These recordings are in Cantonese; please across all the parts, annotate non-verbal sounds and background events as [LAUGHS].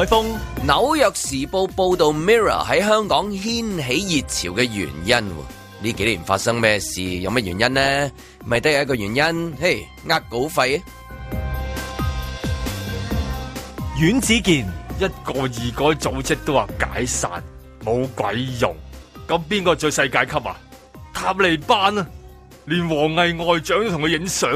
《海豐紐約時報》報道，《Mirror》喺香港掀起熱潮嘅原因，呢幾年發生咩事，有乜原因呢？咪都有一個原因，嘿，呃稿費。阮子健，一個二個組織都話解散，冇鬼用。咁邊個最世界級啊？塔利班啊，連王毅外長都同佢影相。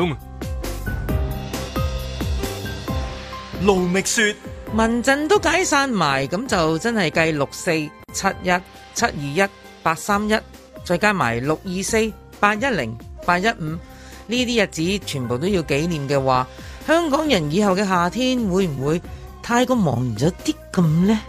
盧覓雪。民陣都解散埋，咁就真係計六四七一七二一八三一，再加埋六二四八一零八一五呢啲日子，全部都要紀念嘅話，香港人以後嘅夏天會唔會太過忙咗啲咁呢？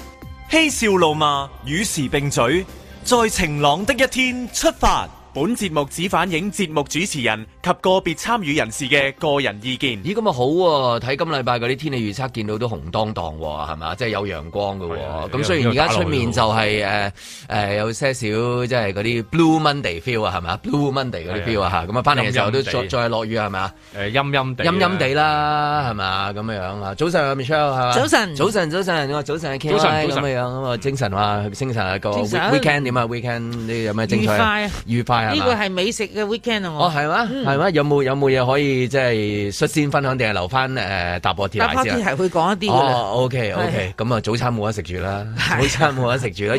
嬉笑怒罵與時並舉，在晴朗的一天出發。本節目只反映節目主持人及個別參與人士嘅個人意見。咦，咁啊好喎！睇今禮拜嗰啲天氣預測，見到都紅當當喎，係嘛？即係有陽光喎。咁雖然而家出面就係誒誒有些少即係嗰啲 blue Monday feel 啊，係咪？blue Monday 嗰啲 feel 啊咁啊，翻嚟嘅時候都再落雨係咪？誒，陰陰地。陰陰地啦，係嘛？咁樣樣啊。早晨早晨，早晨，Michelle 係嘛？早晨，早晨，早晨，早晨啊，咁樣咁啊，精神啊，精神啊，個 weekend 點啊？weekend 有咩精彩？愉快。呢個係美食嘅 weekend 喎！哦，係嘛，係嘛，有冇有冇嘢可以即係率先分享定係留翻誒搭波貼？搭波貼係會講一啲哦，OK OK，咁啊，早餐冇得食住啦，早餐冇得食住啦。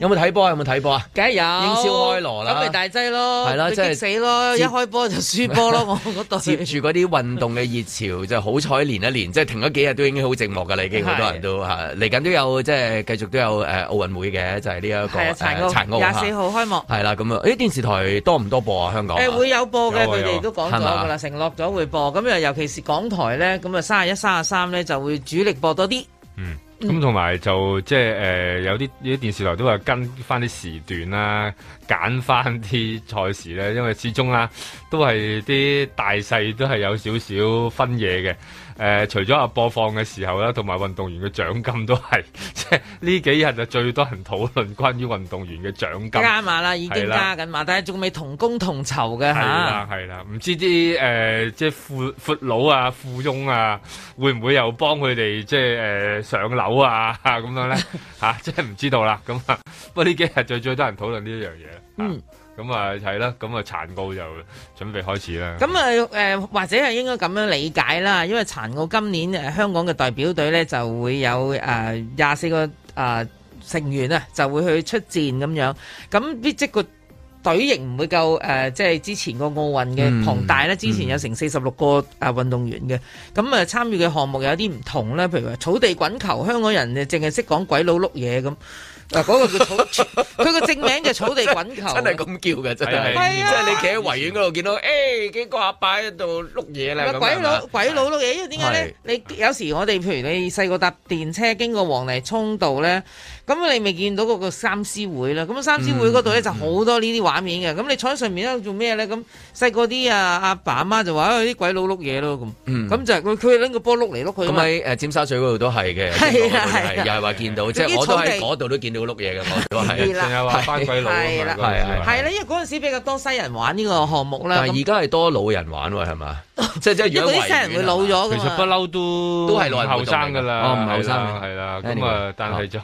有冇睇波？有冇睇波啊？梗係有。英超開羅啦，咁咪大劑咯，係啦，即係死咯，一開波就輸波咯，我覺得。接住嗰啲運動嘅熱潮就好彩，連一年即係停咗幾日都已經好寂寞㗎啦，已經好多人都嚟緊都有即係繼續都有誒奧運會嘅，就係呢一個殘奧，廿四號開幕。係啦，咁啊，誒電視台。係多唔多播啊？香港、欸、會有播嘅，佢哋都講咗噶啦，嗎承諾咗會播。咁又尤其是港台咧，咁啊三十一、三十三咧就會主力播多啲。嗯，咁同埋就即係、呃、有啲啲電視台都話跟翻啲時段啦、啊，揀翻啲賽事咧，因為始終啦、啊。都係啲大細都係有少少分嘢嘅，誒、呃，除咗阿播放嘅時候啦，同埋運動員嘅獎金都係，即係呢幾日就最多人討論關於運動員嘅獎金加碼啦，已經加緊碼，是啦但係仲未同工同酬嘅吓，係啦係啦，唔知啲誒、呃、即係富闊佬啊富翁啊會唔會又幫佢哋即係誒、呃、上樓啊咁樣咧吓、 [LAUGHS] 啊，即係唔知道啦，咁啊，不過呢幾日就最，最多人討論呢一樣嘢。嗯咁啊，係啦、嗯，咁、嗯、啊，殘奧就準備開始啦。咁、嗯、啊、呃，或者係應該咁樣理解啦，因為殘奧今年、呃、香港嘅代表隊咧就會有誒廿四個誒、呃、成員啊，就會去出戰咁樣。咁即個隊形唔會夠誒、呃，即係之前個奧運嘅龐、嗯、大咧。之前有成四十六個啊、呃、運動員嘅，咁啊、呃、參與嘅項目有啲唔同啦。譬如話草地滾球，香港人誒淨係識講鬼佬碌嘢咁。嗱，嗰個 [LAUGHS] 叫草，佢個正名就草地滾球真。真係咁叫嘅，真係。係啊！即係你企喺維園嗰度見到，誒、 [LAUGHS] 哎、幾個阿伯喺度碌嘢啦。鬼佬鬼佬碌嘢，因、哎、為點解咧？是你有時我哋譬如你細個搭電車經過黃泥涌道咧。咁你未見到嗰個三獅會啦，咁三獅會嗰度咧就好多呢啲畫面嘅，咁你坐喺上面咧做咩咧？咁細個啲啊阿爸阿媽就話：啊啲鬼佬碌嘢咯，咁，咁就佢佢拎個波碌嚟碌去。咁喺誒尖沙咀嗰度都係嘅，又係話見到，即係我都喺嗰度都見到碌嘢嘅，我係淨係話翻鬼佬。係啦，係啦，因為嗰陣時比較多西人玩呢個項目啦。但而家係多老人玩喎，係嘛？即即如果啲人會老咗，其實不嬲都都係後生噶啦，唔後生係啦。咁啊，但係就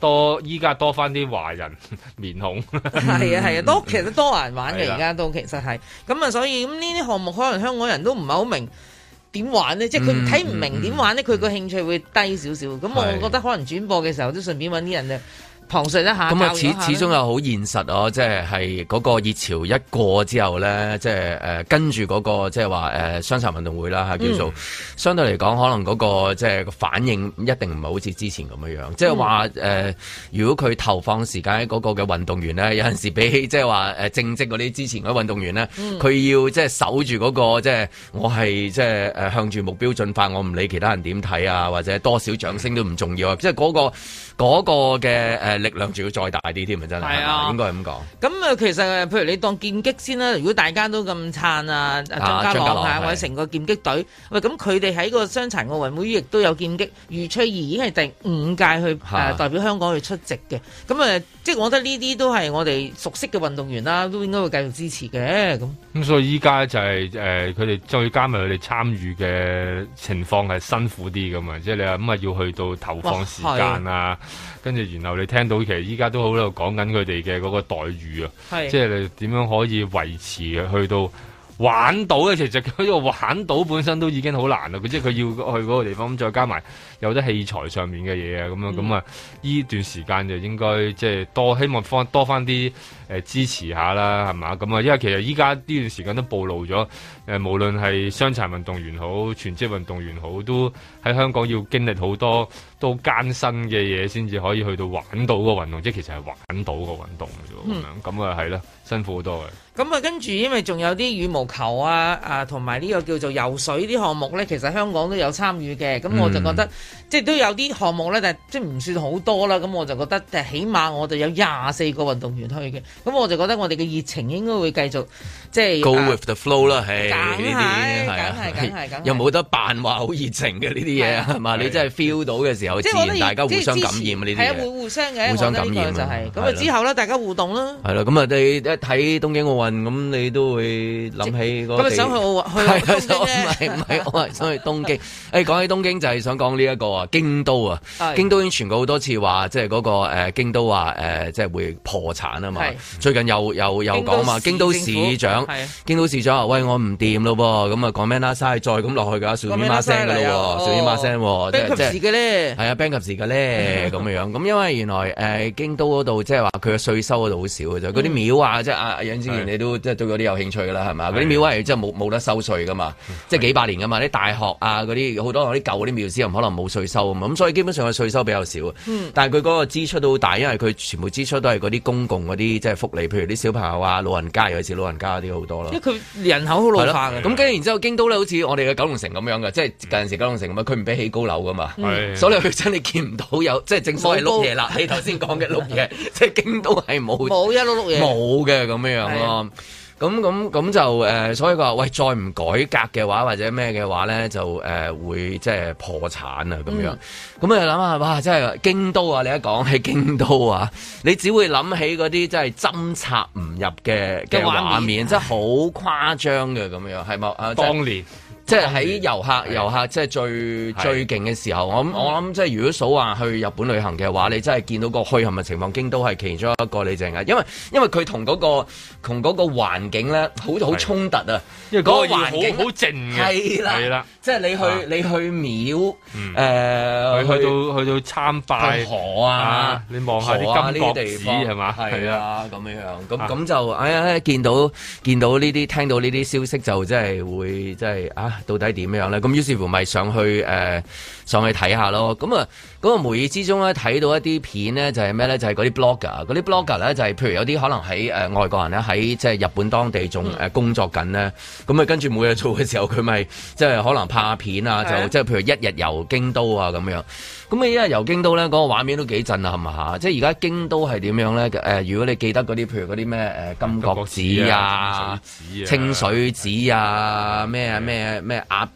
多依家多返啲華人面孔。係啊係啊，多其實多華人玩嘅而家都其實係。咁啊，所以咁呢啲項目可能香港人都唔係好明點玩呢？即係佢睇唔明點玩呢？佢個興趣會低少少。咁我覺得可能轉播嘅時候都順便揾啲人咧。旁述一下，咁啊，始始終又好現實哦，即係嗰、呃那個熱潮一過之後咧，即係誒跟住嗰即係話誒雙殘運動會啦吓叫做、嗯、相對嚟講可能嗰、那個、即係反應一定唔係好似之前咁樣樣，嗯、即係話誒如果佢投放時間喺嗰嘅運動員咧，有陣時比起即係話誒正職嗰啲之前嗰啲運動員咧，佢、嗯、要即係守住嗰、那個即係我係即係誒向住目標進發，我唔理其他人點睇啊，或者多少掌聲都唔重要啊，即係嗰、那個嗰、那個嘅誒。呃力量仲要再大啲添啊！真係，應該係咁講。咁啊，其實誒，譬如你當劍擊先啦。如果大家都咁撐啊，啊，張家朗啊，或者成個劍擊隊喂，咁佢哋喺個傷殘奧運會亦都有劍擊。余翠怡已經係第五屆去、啊啊、代表香港去出席嘅。咁啊，即、就、係、是、我覺得呢啲都係我哋熟悉嘅運動員啦，都應該會繼續支持嘅。咁咁、嗯，所以依家就係、是、誒，佢哋再加埋佢哋參與嘅情況係辛苦啲咁嘛！即係你話咁啊，要去到投放時間啊，跟住、啊、然後你聽。到其實依家都好喺度講緊佢哋嘅嗰個待遇啊，是即係你點樣可以維持去到玩到咧？其實佢喺度玩到本身都已經好難啦。佢即係佢要去嗰個地方，咁再加埋。有啲器材上面嘅嘢啊，咁樣咁啊，呢段時間就應該即係多希望多翻啲誒支持下啦，係嘛？咁啊，因為其實依家呢段時間都暴露咗誒、呃，無論係傷殘運動員好，全職運動員好，都喺香港要經歷好多都艱辛嘅嘢，先至可以去到玩到個運動。即係其實係玩到個運動嘅啫。咁啊，係啦、嗯、辛苦好多嘅、嗯。咁啊，跟住因為仲有啲羽毛球啊啊，同埋呢個叫做游水啲項目咧，其實香港都有參與嘅。咁我就覺得。即係都有啲項目呢，但係即係唔算好多啦。咁我就覺得，誒，起碼我哋有廿四個運動員去嘅，咁我就覺得我哋嘅熱情應該會繼續。即係 go with the flow 啦，係呢啲係啊，又冇得扮話好熱情嘅呢啲嘢啊，係嘛？你真係 feel 到嘅時候，自然大家互相感染啊！呢啲嘢會互相嘅互相感染啊，就係咁啊！之後咧，大家互動啦，係啦，咁啊，你一睇東京奧運，咁你都會諗起咁係想去奧運，去唔係唔係，我係想去東京。誒，講起東京就係想講呢一個啊，京都啊，京都已經傳過好多次話，即係嗰個京都話誒，即係會破產啊嘛。最近又又又講啊嘛，京都市長。係啊，京都市長喂，我唔掂咯噃，咁啊講咩啦？晒再咁落去噶，隨啲馬聲噶咯，隨啲馬聲，即係即係。係啊，兵臨時嘅咧，咁嘅樣。咁因為原來誒京都嗰度，即係話佢嘅稅收嗰度好少嘅啫。嗰啲廟啊，即係啊，楊子健，你都即係對嗰啲有興趣噶啦，係咪？嗰啲廟係真係冇冇得收稅噶嘛，即係幾百年噶嘛。啲大學啊，嗰啲好多嗰啲舊嗰啲廟先有可能冇稅收啊嘛。咁所以基本上嘅稅收比較少。但係佢嗰個支出都好大，因為佢全部支出都係嗰啲公共嗰啲，即係福利，譬如啲小朋友啊、老人家，尤其是老人家啲。好多啦，因為佢人口好老化嘅，咁跟住然之後，京都咧好似我哋嘅九龍城咁樣嘅，是的即係近陣時九龍城咁啊，佢唔俾起高樓噶嘛，的所以佢真係見唔到有，即係正所謂碌嘢啦。過你頭先講嘅碌嘢，即係過過京都係冇冇一碌碌嘢。冇嘅咁樣咯。咁咁咁就誒、呃，所以佢話：喂，再唔改革嘅話，或者咩嘅話咧，就誒、呃、會即係破產啊咁樣。咁你諗下，哇！真係京都啊！你一講起京都啊，你只會諗起嗰啲即係針插唔入嘅嘅畫面，年真係好誇張嘅咁樣，係咪？啊！當年。即係喺遊客遊客，即係最最勁嘅時候，我諗我諗，即係如果數話去日本旅行嘅話，你真係見到個去行嘅情況，京都係其中一個你正嘅。因為因為佢同嗰個同嗰個環境咧，好好衝突啊！因為嗰個環境好靜嘅，係啦，係啦，即係你去你去廟誒，去到去到參拜河啊，你望下啲金箔紙係嘛，係啊咁樣樣，咁咁就哎呀，見到見到呢啲，聽到呢啲消息就真係會真係啊！到底點樣咧？咁於是乎咪上去誒、呃、上去睇下咯。咁啊～咁啊！無意之中咧睇到一啲片咧，就係咩咧？就係、是、嗰啲 blogger，嗰啲 blogger 咧就係、是，譬如有啲可能喺、呃、外國人咧，喺即係日本當地仲工作緊咧。咁啊、嗯，跟住冇嘢做嘅時候，佢咪即係可能拍下片啊，的就即係譬如一日遊京都啊咁樣。咁啊，一日遊京都咧，嗰、那個畫面都幾震撼下。即係而家京都係點樣咧？誒、呃，如果你記得嗰啲，譬如嗰啲咩金閣寺啊、清水寺啊、咩咩咩鴨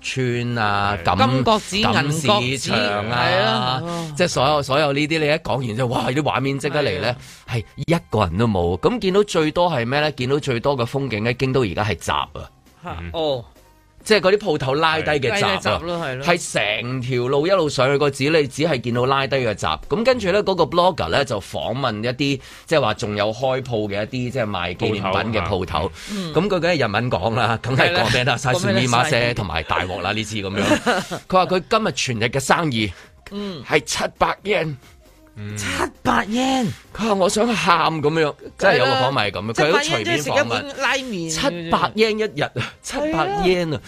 川啊、金閣寺、銀閣寺啊。的即係所有所有呢啲，你一講完之後，哇！啲畫面即刻嚟咧，係一個人都冇。咁見到最多係咩咧？見到最多嘅風景咧，京都而家係閘啊。吓哦，即係嗰啲鋪頭拉低嘅閘咯，係咯，係成條路一路上去個紙，你只係見到拉低嘅閘。咁跟住咧，嗰個 blogger 咧就訪問一啲，即係話仲有開鋪嘅一啲，即係賣紀念品嘅鋪頭。咁佢講日文講啦，梗係講咩啊？西村尼馬些同埋大鑊啦呢次咁樣。佢話佢今日全日嘅生意，係七百 yen，七百 yen，佢話我想喊咁樣，即係的有個訪問係咁嘅，佢的都隨便訪問。一拉麵，七百 yen 一的日,圓一日圓啊，七百 yen 啊。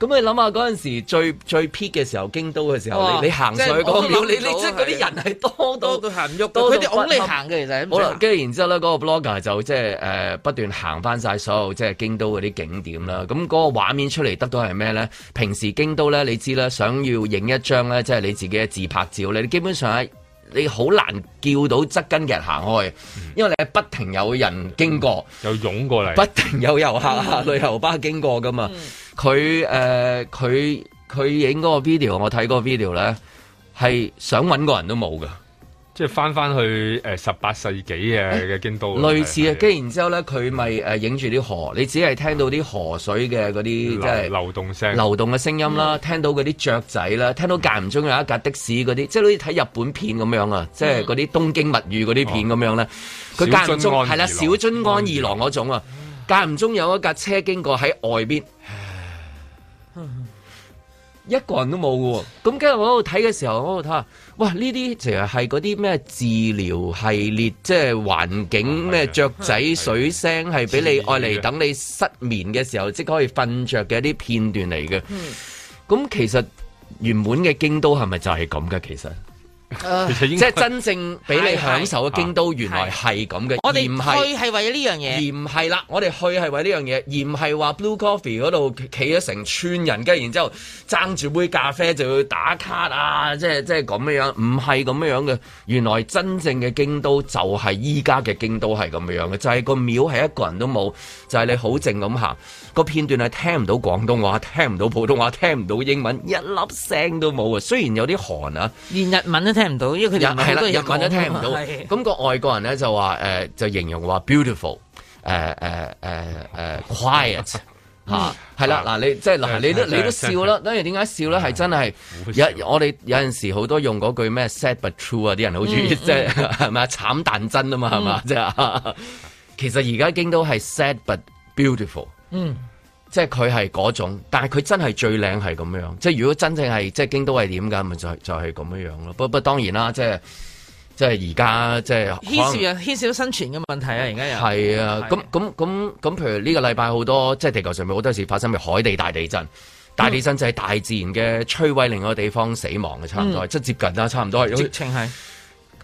咁你諗下嗰陣時最最撇嘅、er、時候，京都嘅時候，哦、你你行上去嗰度，你的你即係嗰啲人係多多，佢行唔喐，佢哋拱你行嘅其實。好啦、哦，跟住然之後咧，嗰、那個 blogger 就即係誒不斷行翻晒所有即係、就是、京都嗰啲景點啦。咁、那、嗰個畫面出嚟得到係咩咧？平時京都咧，你知啦，想要影一張咧，即、就、係、是、你自己嘅自拍照咧，你基本上喺。你好難叫到側跟嘅人行開，嗯、因為你係不停有人經過，有湧過嚟，不停有遊客、嗯、旅遊巴經過噶嘛。佢誒佢佢影個 video，我睇個 video 咧係想揾個人都冇嘅。即係翻翻去呃、十八世紀嘅嘅京都，欸、類似啊！跟是然之後咧，佢咪誒影住啲河，你只係聽到啲河水嘅嗰啲即係流動聲、流動嘅聲音啦、嗯，聽到嗰啲雀仔啦，聽到間唔中有一架的士嗰啲，即係好似睇日本片咁樣啊！嗯、即係嗰啲東京物語嗰啲片咁樣咧，佢間唔中係啦，小津安二郎嗰種啊，間唔中有一架車經過喺外邊一個人都冇喎，咁跟住我喺度睇嘅時候，我喺度睇下，哇！呢啲其實係嗰啲咩治療系列，即係環境咩、嗯、雀仔、水聲，係俾你愛嚟等你失眠嘅時候即可以瞓着嘅一啲片段嚟嘅。咁、嗯、其實原本嘅京都係咪就係咁嘅？其實。其實應該，即係真正俾你享受嘅京都，原來係咁嘅。我哋去係為咗呢樣嘢，而唔係啦。我哋去係為呢樣嘢，而唔係話 Blue Coffee 嗰度企咗成村人，跟住然之後爭住杯咖啡就要打卡啊！即係即係咁樣，唔係咁嘅樣嘅。原來真正嘅京都就係依家嘅京都係咁樣嘅，就係個廟係一個人都冇，就係你好靜咁行。個片段係聽唔到廣東話，聽唔到普通話，聽唔到英文，一粒聲都冇啊！雖然有啲韓啊，連日文都聽唔到，因為佢日文都聽唔到。咁個外國人咧就話，誒，就形容話 beautiful，誒誒誒誒，quiet 吓，係啦。嗱，你即係嗱，你都你都笑啦。因為點解笑咧？係真係，有我哋有陣時好多用嗰句咩 sad but true 啊，啲人好注意，即係係咪啊？慘但真啊嘛，係嘛？即係，其實而家京都係 sad but beautiful。即係佢係嗰種，但係佢真係最靚係咁樣。即係如果真正係即係京都係點㗎，咪就係、就係、係、咁樣樣咯。不不當然啦，即係即係而家即係牽涉啊，牽涉生存嘅問題啊，而家又係啊。咁咁咁咁，譬如呢個禮拜好多即係地球上面好多時發生嘅海地大地震，大地震就係大自然嘅摧毀，另外一個地方死亡嘅差唔多，嗯、即係接近啦，差唔多。直情係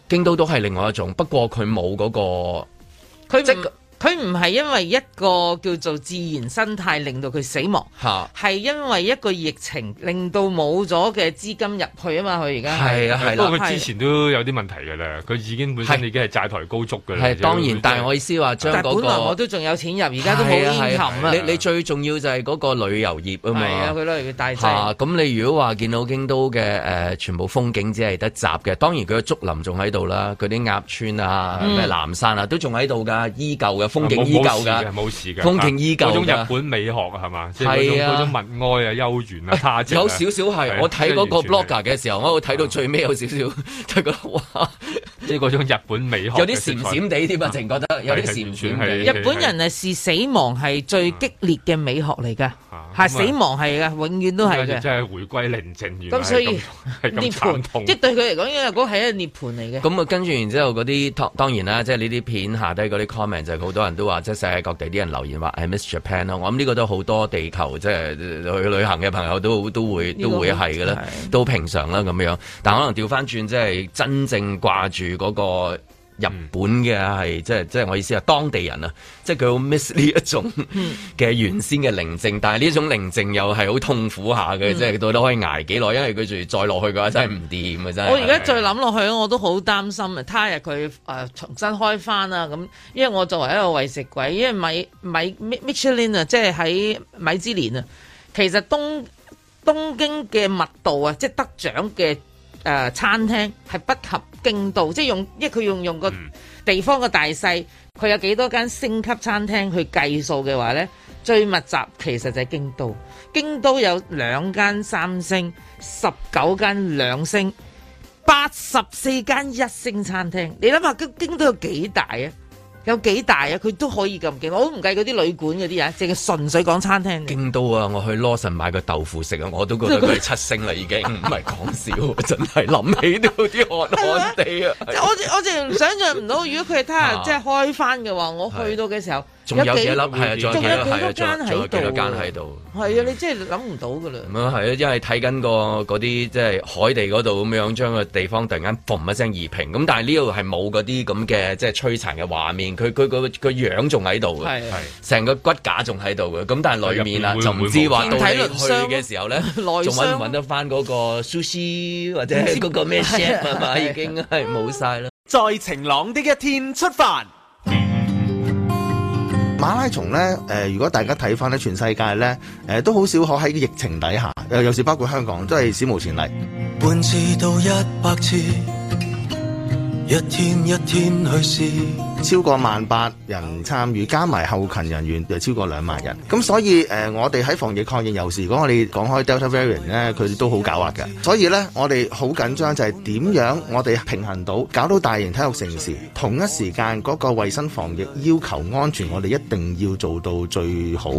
京都都係另外一種，不過佢冇嗰個佢不即。佢唔係因為一個叫做自然生態令到佢死亡，吓，係因為一個疫情令到冇咗嘅資金入去啊嘛！佢而家係啊係啦，不過佢之前都有啲問題嘅啦，佢已經本身已經係債台高築嘅。係當然，但係我意思話，將本來我都仲有錢入，而家都冇你，你最重要就係嗰個旅遊業啊嘛！係啊，佢都係要帶挈。咁你如果話見到京都嘅誒全部風景只係得集嘅，當然佢嘅竹林仲喺度啦，佢啲鴨川啊、咩嵐山啊，都仲喺度㗎，依舊嘅。風景依舊㗎，風景依舊啊！嗰種日本美學係嘛？係啊，嗰種物哀啊、幽怨啊，有少少係。我睇嗰個 blogger 嘅時候，我睇到最尾有少少，就覺得哇！即係嗰種日本美學，有啲閃閃哋添，直程覺得有啲閃閃哋。日本人係視死亡係最激烈嘅美學嚟㗎，係死亡係嘅，永遠都係即真係迴歸寧靜完。咁所以係咁殘痛，即係對佢嚟講，因為嗰係一涅盤嚟嘅。咁啊，跟住然之後嗰啲，當當然啦，即係呢啲片下低嗰啲 comment 就係好。多人都話，即係世界各地啲人留言話，哎，I miss Japan 咯。我諗呢個都好多地球即係去旅行嘅朋友都都會都會係嘅啦，都平常啦咁樣。但可能調翻轉，即係真正掛住嗰、嗰個。日本嘅係即係即係我意思係，當地人啊，即係佢好 miss 呢一種嘅原先嘅寧靜，但係呢種寧靜又係好痛苦下嘅，嗯、即係到底可以挨幾耐，因為佢仲再落去嘅話真係唔掂啊。嗯、真係。我而家再諗落去，我都好擔心啊！他日佢、呃、重新開翻啦咁，因為我作為一個餵食鬼，因為米米 Michelin 啊，米 Michel in，即係喺米芝蓮啊，其實東東京嘅密度啊，即係得獎嘅。誒餐廳係不及京都，即係用，因為佢用用個地方嘅大細，佢有幾多間星級餐廳去計數嘅話咧，最密集其實就係京都。京都有兩間三星，十九間兩星，八十四間一星餐廳。你諗下，京京都有幾大啊？有幾大啊？佢都可以咁勁，我都唔計嗰啲旅館嗰啲啊，淨係純粹講餐廳。勁到啊！我去 Lawson 買個豆腐食啊，我都覺得佢係七星啦已經，唔係講笑， [LAUGHS] 真係諗起都有啲汗汗地啊！即吧 [LAUGHS] 我我仲想象唔到，如果佢係聽日即係開翻嘅話，我去到嘅時候。仲有幾粒？係啊，仲有幾多間喺度？仲有幾多間喺度？係啊，你真係諗唔到噶啦！咁啊，係啊，因為睇緊個嗰啲即係海地嗰度咁樣，將個地方突然間嘣一聲夷平。咁但係呢度係冇嗰啲咁嘅即係摧殘嘅畫面，佢佢個個樣仲喺度嘅，成個骨架仲喺度嘅。咁但係裡面啊，就唔知話到落去嘅時候咧，仲揾唔揾得返嗰個 Sushi 或者嗰個咩已經係冇晒啦！在晴朗的一天出發。馬拉松呢，如果大家睇返呢，全世界呢，都好少可喺疫情底下，有時包括香港，都係史無前例，半次到一百次，一天一天去試。超過萬八人參與，加埋後勤人員又超過兩萬人，咁所以、呃、我哋喺防疫抗疫，尤其是如果我哋講開 Delta variant 咧，佢哋都好狡猾嘅，所以咧，我哋好緊張就係點樣我哋平衡到，搞到大型體育盛事同一時間嗰個衞生防疫要求安全，我哋一定要做到最好。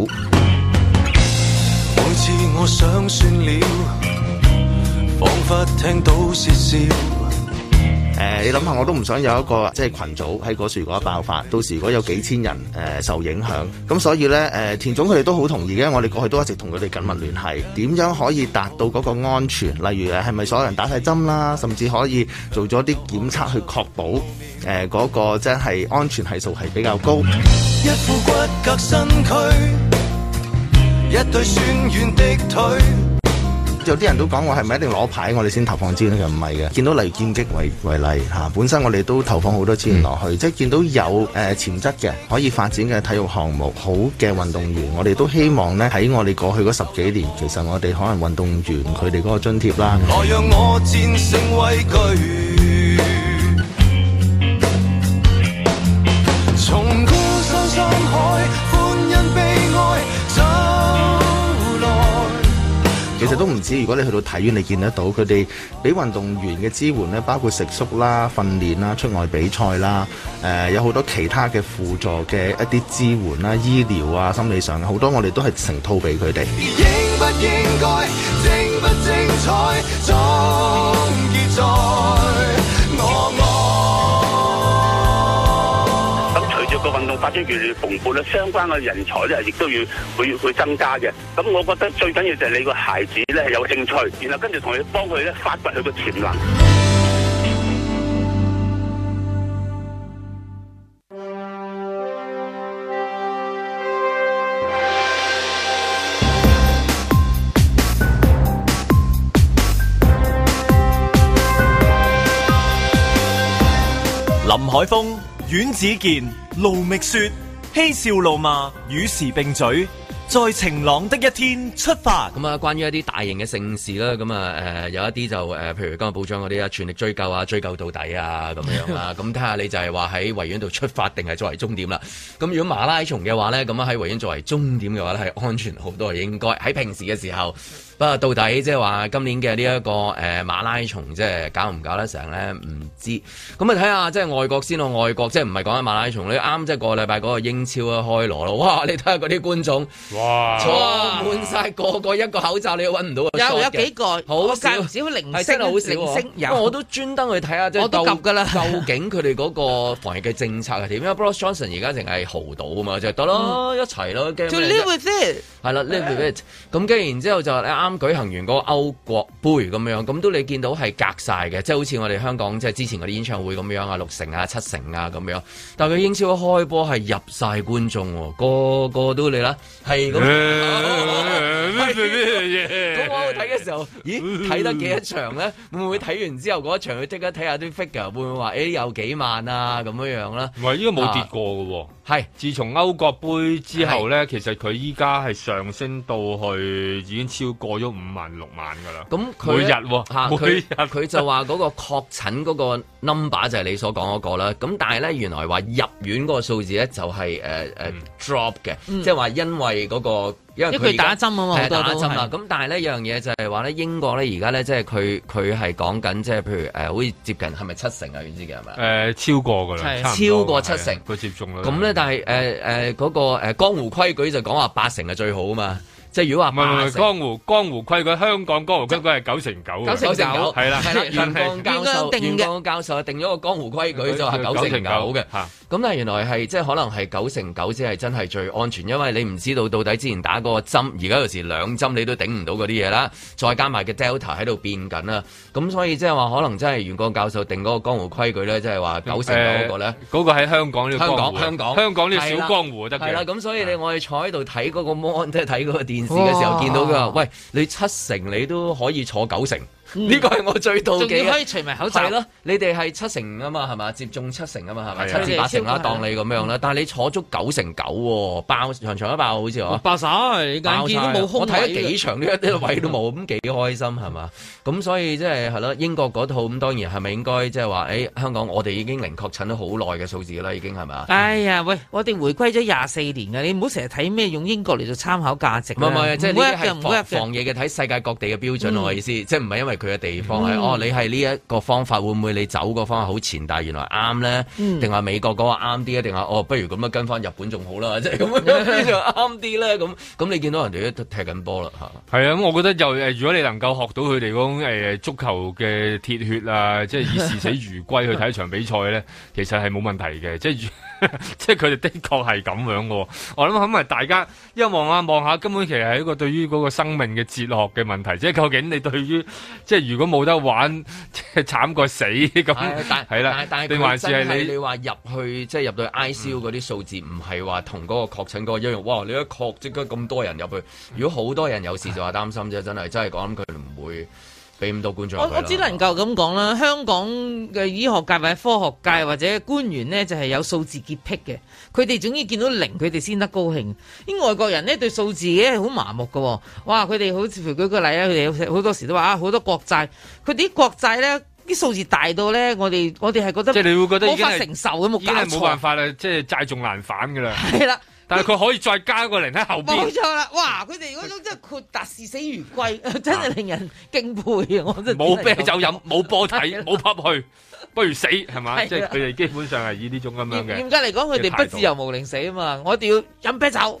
每次我想算了，彷彿聽到説笑。誒、呃，你諗下，我都唔想有一個即係群組喺嗰處嗰爆發，到時如果有幾千人誒、呃、受影響，咁所以呢，誒、呃，田總佢哋都好同意嘅，我哋過去都一直同佢哋緊密聯繫，點樣可以達到嗰個安全？例如係咪所有人打晒針啦，甚至可以做咗啲檢測去確保誒嗰、呃那個即係安全係數係比較高。一副骨骼身軀，一對酸軟的腿。有啲人都講，我係咪一定攞牌我哋先投放資金嘅？唔係嘅，見到例如劍擊為為例嚇，本身我哋都投放好多錢落去，即係、嗯、見到有誒潛質嘅可以發展嘅體育項目，好嘅運動員，我哋都希望呢，喺我哋過去嗰十幾年，其實我哋可能運動員佢哋嗰個津貼啦。我，讓我戰勝畏懼其實都唔止，如果你去到體院，你見得到佢哋俾運動員嘅支援咧，包括食宿啦、訓練啦、出外比賽啦，誒、呃、有好多其他嘅輔助嘅一啲支援啦、醫療啊、心理上好多，我哋都係成套俾佢哋。應不應該精不精彩？終結發展越嚟越蓬勃咧，相關嘅人才咧亦都要會會增加嘅。咁我覺得最緊要就係你個孩子咧有興趣，然後跟住同佢幫佢咧發掘佢嘅潛能。林海峰。阮子健盧覓雪，嬉笑怒罵與時並嘴。在晴朗的一天出發。咁啊，關於一啲大型嘅盛事啦，咁啊，誒，有一啲就誒，譬如今日保障嗰啲啊，全力追究啊，追究到底啊，咁樣啦。咁睇下你就係話喺維園度出發，定係作為終點啦。咁如果馬拉松嘅話咧，咁啊喺維園作為終點嘅話咧，係安全好多，應該喺平時嘅時候。不過，到底即係話今年嘅呢一個誒馬拉松即係搞唔搞得成咧？唔知咁啊，睇下即係外國先咯。外國即係唔係講緊馬拉松你啱即係個禮拜嗰個英超啊開鑼咯。哇！你睇下嗰啲觀眾，哇，坐了滿曬個，個個一個口罩你揾唔到，有有幾個好少零星零星，好零星我都專登去睇下即係，就是、我都及㗎啦。 [LAUGHS] 究竟佢哋嗰個防疫嘅政策係點？因為 Boris Johnson 而家淨係豪賭啊嘛，就得咯，嗯、一齊咯。To live with it，係啦，live with it。咁跟住然之後就啱舉行完嗰個歐國杯咁樣，咁都你見到係隔晒嘅，即係好似我哋香港即係之前嗰啲演唱會咁樣啊，六成啊，七成啊咁樣。但係佢英超開波係入晒觀眾喎、啊，個個都你啦，係咁。咁、那個欸、我睇嘅時候，咦，睇 [LAUGHS] 得幾多場咧？會唔會睇完之後嗰一、那個、場，佢即刻睇下啲 figure，會唔會話誒有幾萬啊咁樣樣啦？唔係，應該冇跌過嘅喎。係，是自從歐國杯之後咧，是其實佢依家係上升到去已經超過咗五萬六萬㗎喇，他每日喎、啊，每日佢就話嗰個確診嗰個 number 就係你所講嗰、那個啦。咁但係咧，原來話入院嗰個數字咧就係、是 uh, uh, drop 嘅，即係話因為嗰、那個。因為佢打針啊嘛，係打針啊。咁、啊、但係咧，一樣嘢就係話咧，英國咧而家咧，即係佢佢係講緊，即係譬如誒、呃，好似接近係咪七成啊？知嘅係咪啊？超過噶啦，是的 超過七成，佢接種啦。咁咧是，但係誒嗰個、呃、江湖規矩就講話八成係最好啊嘛。即係如果話，唔係唔係江湖江湖規矩，香港江湖規矩係九成九九成九係啦係啦。原來 [LAUGHS] 元光教授定咗個江湖規矩就係九成九嘅。咁但係原來係即係可能係九成九先係真係最安全，因為你唔知道到底之前打嗰個針，而家有時兩針你都頂唔到嗰啲嘢啦。再加埋個 Delta 喺度變緊啦，咁所以即係話可能真係元光教授定嗰個江湖規矩咧，即係話九成九嗰個咧，嗰個喺香港呢個江湖，香港香港呢小江湖得係啦，咁所以你我哋坐喺度睇個 mon 即係睇嘅時候見到佢話，喂，你七成你都可以坐九成。呢個係我最妒忌嘅，仲要可以除埋口罩。係咯，你哋係七成啊嘛，係嘛？接種七成啊嘛，係咪？七至八成啦，當你咁樣啦。但係你坐足九成九喎，爆長長一爆好似話。百曬眼見都冇空位，我睇咗幾場，呢一啲位都冇，咁幾開心係嘛？咁所以即係係咯，英國嗰套咁當然係咪應該即係話？誒，香港我哋已經零確診咗好耐嘅數字啦，已經係嘛？哎呀，喂，我哋回歸咗廿四年㗎，你唔好成日睇咩用英國嚟做參考價值。唔係唔係，即係呢啲係防嘢嘅，睇世界各地嘅標準喎。意思即係唔係因為？佢嘅地方係、嗯、哦，你係呢一個方法會唔會你走個方法好前，但係原來啱咧？定話、嗯、美國嗰個啱啲咧？定話哦，不如咁樣跟翻日本仲好啦，即係咁樣啱啲咧？咁咁、嗯嗯、你見到人哋都踢緊波啦，嚇係啊！我覺得又誒、呃，如果你能夠學到佢哋嗰種誒足球嘅鐵血啊，即係以視死如歸去睇一場比賽咧， [LAUGHS] 其實係冇問題嘅，即係。 [LAUGHS] 即係佢哋的確係咁樣喎，哦。我諗咁咪大家一望下望下，根本其實係一個對於嗰個生命嘅哲學嘅問題，即係究竟你對於即係如果冇得玩，即係慘過死咁，係啦。係，哎，定的還是係你你話入去即係入到去 I C U 嗰啲數字，唔係話同嗰個確診嗰個一樣。哇！你一確診咁多人入去，如果好多人有事就話擔心啫，哎呀，真係真係講諗，佢唔會。俾唔到觀眾，我我只能夠咁講啦，香港嘅醫學界或者科學界或者官員咧，就係有數字潔癖嘅。佢哋總之見到零，佢哋先得高興。啲外國人咧對數字咧好麻木嘅。哇，佢哋好似舉個例啊，佢哋好多時都話啊，好多國債，佢啲國債咧啲數字大到咧，我哋我哋係覺得即係你會覺得已經係冇辦法啦，法即係債仲難返㗎啦。係啦。但係佢可以再加一個零喺後邊。冇錯啦，哇！佢哋嗰種真係豁達、視死如歸，真係令人敬佩啊！我真冇啤酒飲，冇波睇，冇拍去，不如死係嘛？即係佢哋基本上係以呢種咁樣嘅。嚴格嚟講，佢哋不自由無寧死啊嘛！我哋要飲啤酒。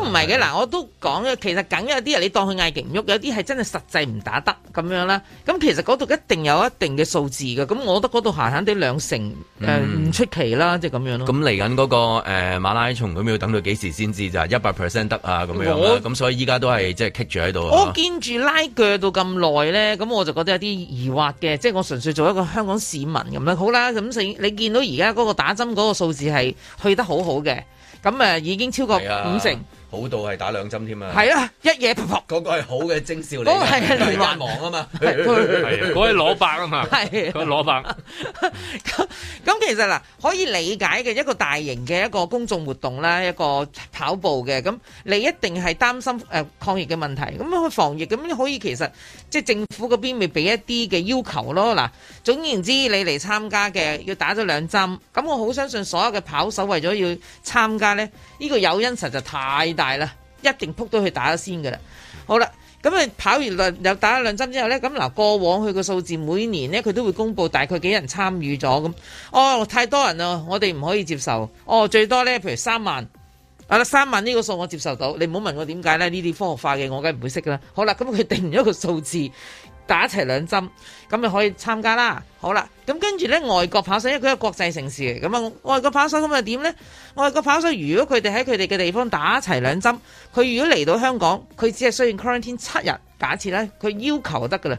都唔係嘅嗱，我都講嘅。其實梗有啲人你當佢嗌極唔喐，有啲係真係實際唔打得咁樣啦。咁其實嗰度一定有一定嘅數字嘅。咁我覺得嗰度閒閒啲兩成誒唔、嗯啊、出奇啦，即係咁樣咯。咁嚟緊嗰個誒、呃、馬拉松，咁要等到幾時先至？就係一百 percent 得啊？咁樣咁好所以依家都係即係棘住喺度。我見住拉鋸到咁耐咧，咁我就覺得有啲疑惑嘅。即係我純粹做一個香港市民咁啦。好啦，咁你見到而家嗰個打針嗰個數字係去得好好嘅，咁誒、啊、已經超過五成。好到係打兩針添啊！係啦、啊，一夜不噗、噗。嗰個係好嘅徵兆嚟，嗰 [LAUGHS] 個係雷萬忙啊嘛，嗰啲攞法啊嘛，攞法！咁咁其實嗱，可以理解嘅一個大型嘅一個公眾活動啦，一個跑步嘅咁，你一定係擔心抗疫嘅問題，咁去防疫咁可以其實。即係政府嗰邊咪俾一啲嘅要求咯，嗱總言之，你嚟參加嘅要打咗兩針，咁我好相信所有嘅跑手為咗要參加呢，呢、呢個誘因實在太大啦，一定撲到佢打咗先㗎啦。好啦，咁啊跑完兩又打咗兩針之後呢，咁嗱過往佢個數字每年呢，佢都會公佈大概幾人參與咗咁，哦太多人啦，我哋唔可以接受，哦最多呢，譬如三萬。啦三萬呢個數我接受到，你唔好問我點解咧，呢啲科學化嘅我梗係唔會識㗎啦。好啦，咁佢定咗個個數字，打齊兩針，咁你可以參加啦。好啦，咁跟住呢，外國跑手因為佢係國際城市嘅，咁啊外國跑手咁啊點呢？外國跑手如果佢哋喺佢哋嘅地方打齊兩針，佢如果嚟到香港，佢只係需要 quarantine 七日。假設呢，佢要求就得㗎啦。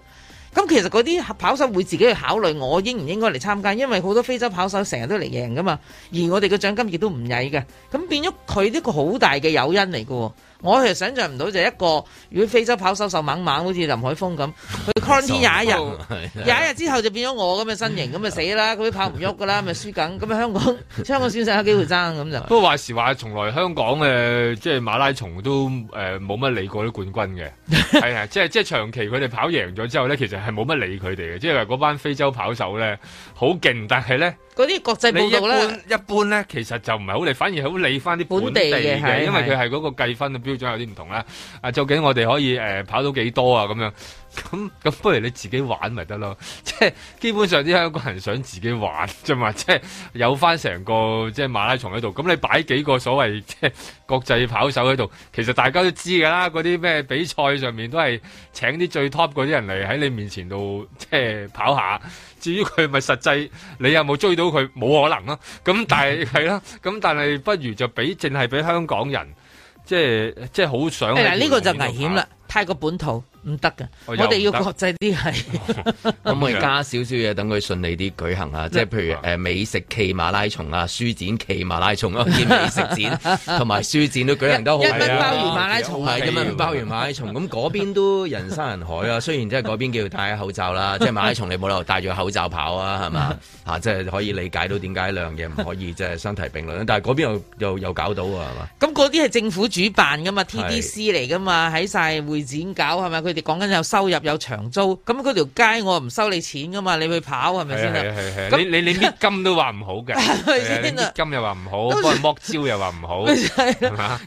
咁其實嗰啲跑手會自己去考慮，我應唔應該嚟參加，因為好多非洲跑手成日都嚟贏噶嘛，而我哋嘅獎金亦都唔曳嘅，咁變咗佢呢個好大嘅誘因嚟喎。我其實想象唔到就一個，如果非洲跑手瘦蜢蜢，好似林海峰咁，佢 quarantine 廿一日，廿一日之後就變咗我咁嘅身形，咁咪 [LAUGHS] 死啦！佢啲跑唔喐噶啦，咪 [LAUGHS] 輸緊。咁啊香港香港選手有機會爭咁 [LAUGHS] 就。不過話時話，從來香港嘅即係馬拉松都冇乜、呃、理過啲冠軍嘅，係啊， [LAUGHS] 即係即係長期佢哋跑贏咗之後咧，其實係冇乜理佢哋嘅，即係嗰班非洲跑手咧好勁，但係咧嗰啲國際報道呢，一般咧其實就唔係好理，反而好理翻啲本地嘅，地因為佢係嗰個計分有啲唔同啦，啊，究竟我哋可以誒跑到幾多啊？咁樣，咁咁不如你自己玩咪得咯？即係基本上啲香港人想自己玩啫嘛，即係有翻成個即係馬拉松喺度，咁你擺幾個所謂即係國際跑手喺度，其實大家都知噶啦，嗰啲咩比賽上面都係請啲最 top 嗰啲人嚟喺你面前度即係跑下，至於佢咪實際你有冇追到佢，冇可能咯。咁但係係啦，咁但係不如就俾淨係俾香港人。即係即係好想、哎，但係呢個就危險啦，拍太過本土。唔得噶，我哋要國際啲係，可唔可以加少少嘢，等佢順利啲舉行啊？即係譬如誒美食騎馬拉松啊，書展騎馬拉松咯，叫美食展同埋書展都舉行得好。一蚊包完馬拉松一蚊包完馬拉松，咁嗰邊都人山人海啊！雖然即係嗰邊叫戴口罩啦，即係馬拉松你冇理由戴住口罩跑啊，係嘛？嚇，即係可以理解到點解兩樣嘢唔可以即係相提並論。但係嗰邊又又又搞到喎，係嘛？咁嗰啲係政府主辦噶嘛，TDC 嚟噶嘛，喺晒會展搞係咪？佢哋講緊有收入有長租，咁嗰條街我唔收你錢噶嘛，你去跑係咪先。你你搣金都話唔好嘅，搣 [LAUGHS] 金又話唔好，個人剝蕉又話唔好，咁 [LAUGHS] 了吧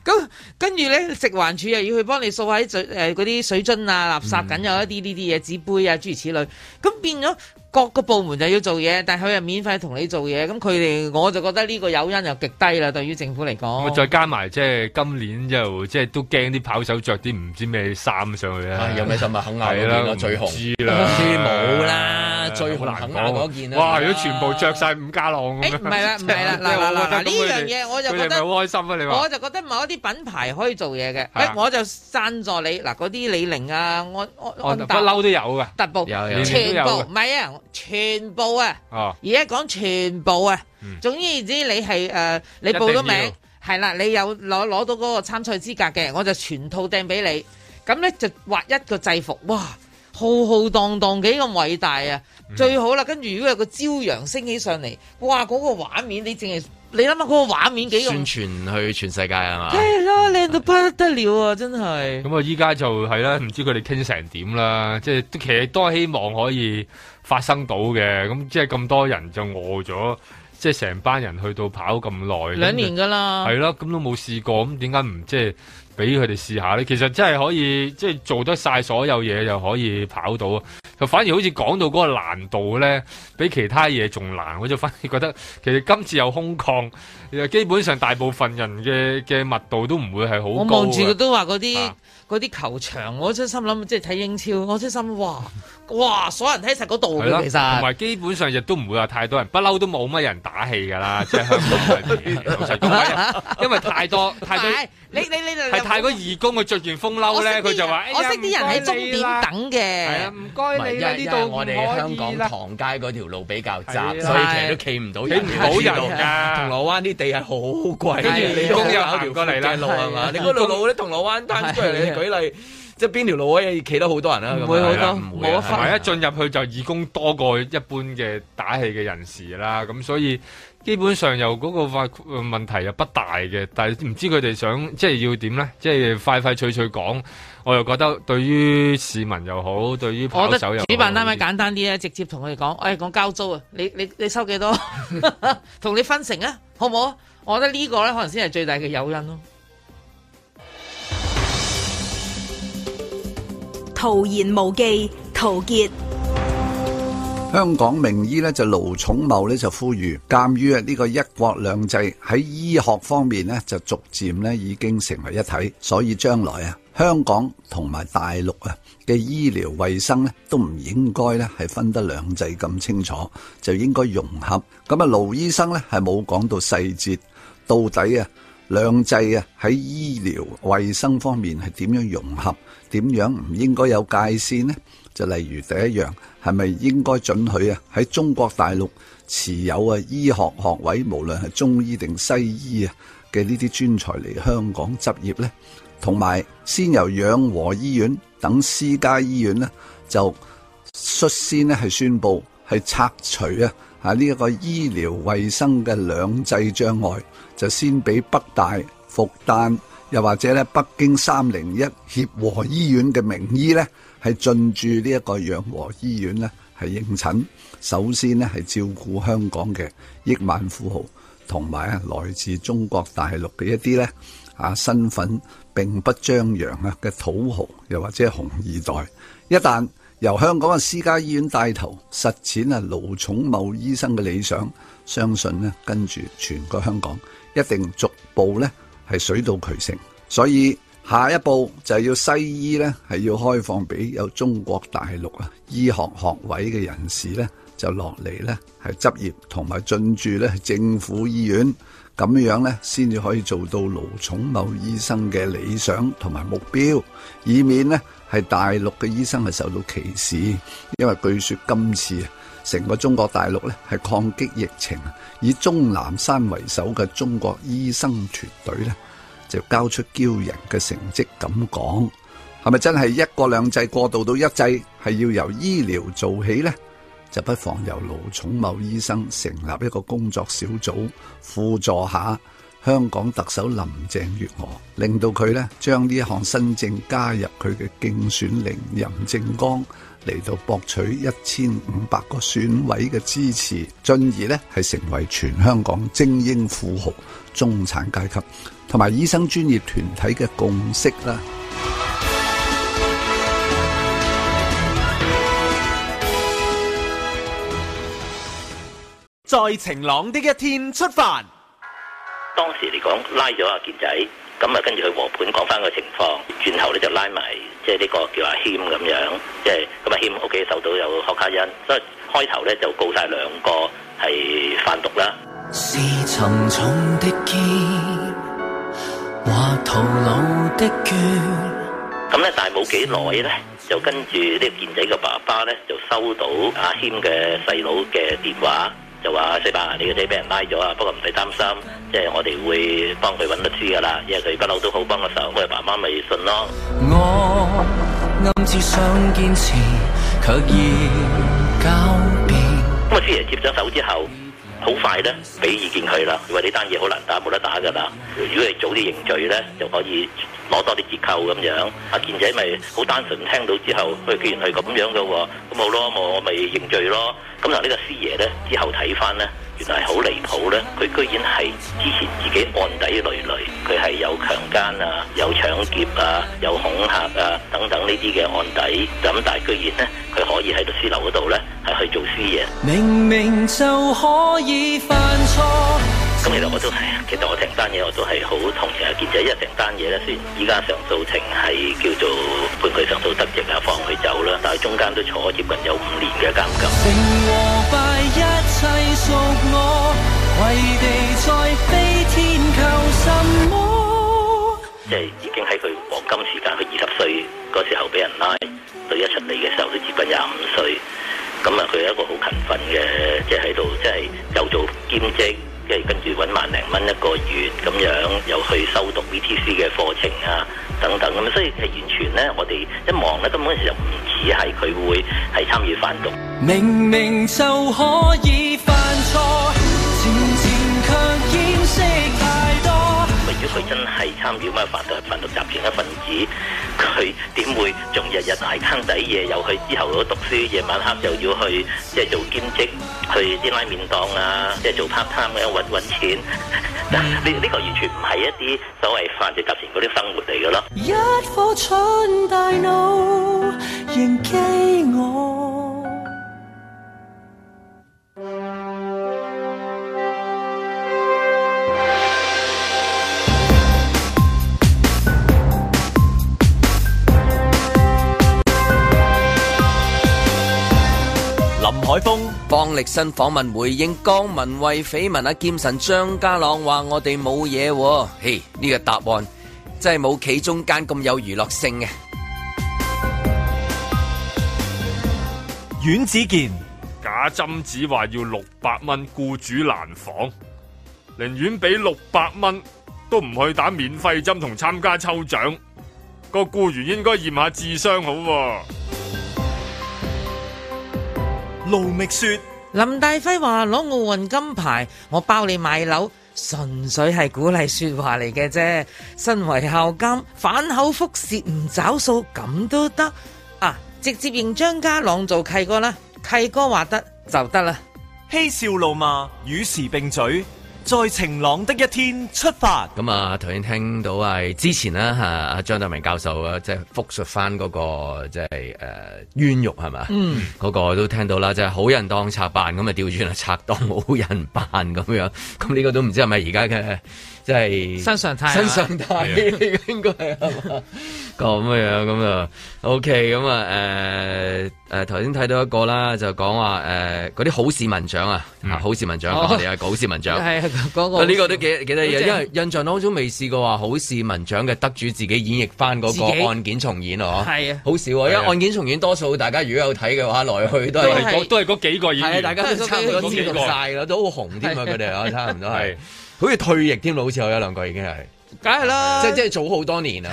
跟住咧，食環署又要去幫你掃喺水誒嗰啲水樽啊、垃圾緊有一啲呢啲嘢、紙 [LAUGHS] 杯啊諸如此類，咁變咗。各個部門就要做嘢，但佢又免費同你做嘢，咁佢哋我就覺得呢個誘因又極低啦。對於政府嚟講，再加埋即係今年就係，即係都驚啲跑手着啲唔知咩衫上去咧。唉唉有咩心唉啊？肯亞嗰邊最紅，知啦，冇啦。最好難講，哇！如果全部着晒伍家朗，唔係啦，唔係啦，嗱嗱嗱，呢樣嘢我就覺得好開心啊！你話我就覺得某啲品牌可以做嘢嘅，誒，我就贊助你嗱，嗰啲李寧啊，安安安踏不嬲都有嘅，特步有有全部唔係啊，全部啊，而家講全部啊，總言之，你係誒，你報咗名係啦，你有攞攞到嗰個參賽資格嘅，我就全套掟俾你，咁咧就畫一個制服，哇！浩浩蕩蕩幾咁偉大啊！嗯、最好啦，跟住如果有個朝陽升起上嚟，哇！嗰、嗰個畫面你淨係你諗下嗰個畫面幾宣傳去全世界係嘛？係咯，靚到不得了啊！的真係的。咁啊，依家就係啦，唔知佢哋傾成點啦？即係其實都係希望可以發生到嘅，咁即係咁多人就餓咗，即係成班人去到跑咁耐兩年噶啦，係咯，咁都冇試過，咁點解唔即係？即係俾佢哋試下咧，其實真係可以，即係做得晒所有嘢就可以跑到，就反而好似講到嗰個難度咧，比其他嘢仲難，我就反而覺得其實今次有空曠，基本上大部分人嘅嘅密度都唔會係好高。我望住佢都話嗰啲。嗰啲球場，我真心諗即係睇英超，我真心哇哇，所有人喺晒嗰度其實，同埋基本上亦都唔會話太多人，不嬲都冇乜人打氣㗎啦，即係香港嗰邊老實講，因為太多太多。你你你係太多義工，佢着完風褸咧，佢就話，我識啲人喺終點等嘅，係啊，唔該你。因為我哋香港唐街嗰條路比較窄，所以其實都企唔到人，企唔到人㗎。銅鑼灣啲地係好貴，跟住義工又行嚟啦，係嘛？你度老啲銅鑼舉例，即係邊條路可以企得好多人啊？唔會好多，唔會、啊。同、啊、一進入去就義工多過一般嘅打氣嘅人士啦，咁、啊、所以基本上又嗰個問題又不大嘅。但係唔知佢哋想即係要點咧？即係快快脆脆講，我又覺得對於市民又好，對於跑手又好，我覺得主辦單位簡單啲咧，直接同佢哋講，誒、哎、講交租啊，你你你收幾多？同 [LAUGHS] [LAUGHS] 你分成啊，好唔好？我覺得個呢個咧可能先係最大嘅誘因咯、啊。徒言無忌，陶傑。香港名醫咧就盧寵茂咧就呼籲，鑒於啊呢個一國兩制喺醫學方面咧就逐漸咧已經成為一體，所以將來啊香港同埋大陸啊嘅醫療衛生咧都唔應該咧係分得兩制咁清楚，就應該融合。咁啊盧醫生咧係冇講到細節到底啊。兩制啊，喺醫療衞生方面係點樣融合？點樣唔應該有界線呢？就例如第一樣，係咪應該准許啊？喺中國大陸持有啊醫學學位，無論係中醫定西醫啊嘅呢啲專才嚟香港執業呢？同埋先由養和醫院等私家醫院呢，就率先呢係宣布係拆除啊啊呢一個醫療衞生嘅兩制障礙。就先俾北大、復旦，又或者咧北京三零一協和醫院嘅名醫呢係進駐呢一個養和醫院呢係應診。首先呢係照顧香港嘅億萬富豪，同埋啊來自中國大陸嘅一啲呢啊身份並不張揚啊嘅土豪，又或者紅二代。一旦由香港嘅私家醫院帶頭實踐啊盧寵茂醫生嘅理想，相信呢跟住全個香港。一定逐步咧係水到渠成，所以下一步就要西醫咧係要開放俾有中國大陸啊醫學學位嘅人士咧就落嚟咧係執業同埋進駐咧政府醫院，咁樣呢咧先至可以做到盧寵茂醫生嘅理想同埋目標，以免呢係大陸嘅醫生係受到歧視，因為據說今次。成個中國大陸咧，係抗擊疫情，以鐘南山為首嘅中國醫生團隊咧，就交出驕人嘅成績。咁講係咪真係一國兩制過渡到一制，係要由醫療做起呢？就不妨由盧寵茂醫生成立一個工作小組，輔助下香港特首林鄭月娥，令到佢咧將呢一項新政加入佢嘅競選令，任政綱。嚟到博取一千五百個選委嘅支持，進而咧係成為全香港精英富豪、中產階級同埋醫生專業團體嘅共識啦。在晴朗的一天出發，當時嚟講拉咗阿、啊、健仔。咁啊，跟住去和盤講翻個情況，轉頭咧就拉埋即係呢個叫阿謙咁樣，即係咁阿謙屋企受到有可卡因，所以開頭咧就告曬兩個係販毒啦。是沉重的肩，或徒勞的腳。咁咧，但係冇幾耐咧，就跟住呢個健仔嘅爸爸咧，就收到阿謙嘅細佬嘅電話。就話四伯，你個仔俾人拉咗啊！不過唔使擔心，即係我哋會幫佢揾律師噶啦，因為佢不嬲都好幫個手，我哋爸爸咪信咯。我暗自想堅持，卻要狡辯。咁啊，師爺接咗手之後，好快咧，俾意見佢啦，話呢單嘢好難打，冇得打噶啦。如果你早啲認罪咧，就可以。攞多啲折扣咁樣，阿健仔咪好單純，聽到之後佢居然係咁樣嘅喎，咁好咯，我我咪認罪咯。咁嗱，呢個師爺呢，之後睇翻呢，原來好離譜呢。佢居然係之前自己案底累累，佢係有強姦啊，有搶劫啊，有恐嚇啊等等呢啲嘅案底，咁但係居然呢，佢可以喺律師樓嗰度呢，係去做師爺。明明就可以犯錯。咁其實我都係，其實我成單嘢我都係好同情阿傑仔，因為成單嘢咧，雖然依家上訴庭係叫做判佢上訴得直啊，放佢走啦，但係中間都坐咗接近有五年嘅監禁。即係已經喺佢黃金時間，佢二十歲嗰時候俾人拉，到一出嚟嘅時候都接近廿五歲。咁啊，佢有一個好勤奮嘅，即係喺度，即係又做兼職。即係跟住揾萬零蚊一個月咁樣，又去修讀 VTC 嘅課程啊等等咁，所以係完全咧，我哋一忙咧，根本就唔似係佢會係參與販毒。明明就可以犯錯，纏纏卻掩飾。如果佢真係參與咩犯罪、犯罪集團一份子，佢點會仲日日捱坑抵夜？又去之後嗰度讀書，夜晚黑就要去即係做兼職，去啲拉麵檔啊，即係做 part time 咁樣揾揾錢。呢 [LAUGHS] 呢、呢個完全唔係一啲所謂犯罪集團嗰啲生活嚟嘅咯。一海峰方力申訪問回應江文慧緋聞啊，劍神張家朗話我哋冇嘢，嘿，呢個答案真係冇企中間咁有娛樂性嘅。阮子健假針子話要六百蚊，僱主難防，寧願俾六百蚊都唔去打免費針同參加抽獎，個僱員應該驗下智商好啊。盧覓雪，林大輝話攞奧運金牌，我包你買樓，純粹係鼓勵說話嚟嘅啫。身為校監，反口覆舌唔找數咁都得啊！直接認張家朗做契哥啦，契哥話得就得啦。嬉笑怒罵，與時並舉。在晴朗的一天出發。咁啊，頭先聽到係、啊、之前啦、啊、嚇，阿張達明教授啊，即係復述返嗰個即係誒冤獄係嘛？呃、嗯，嗰個都聽到啦，即、就、係、是、好人當賊扮，咁啊調轉啊，賊當好人扮咁樣。咁呢個都唔知係咪而家嘅。即係身上睇，身上睇，應該係係嘛？咁嘅樣咁啊，OK，咁啊，誒誒，頭先睇到一個啦，就講話誒嗰啲好市民獎啊，好市民獎，我哋係好市民獎，係嗰個。呢個都幾幾得意，因為印象當中未試過話好市民獎嘅得主自己演繹翻嗰個案件重演啊，係啊，好少，因為案件重演多數大家如果有睇嘅話，來去都係都係嗰幾個演繹，大家都差唔多知道晒啦，都好紅添啊佢哋啊，差唔多係。好似退役添咯，好似有一兩個已經係，梗係啦，即係即係早好多年啊，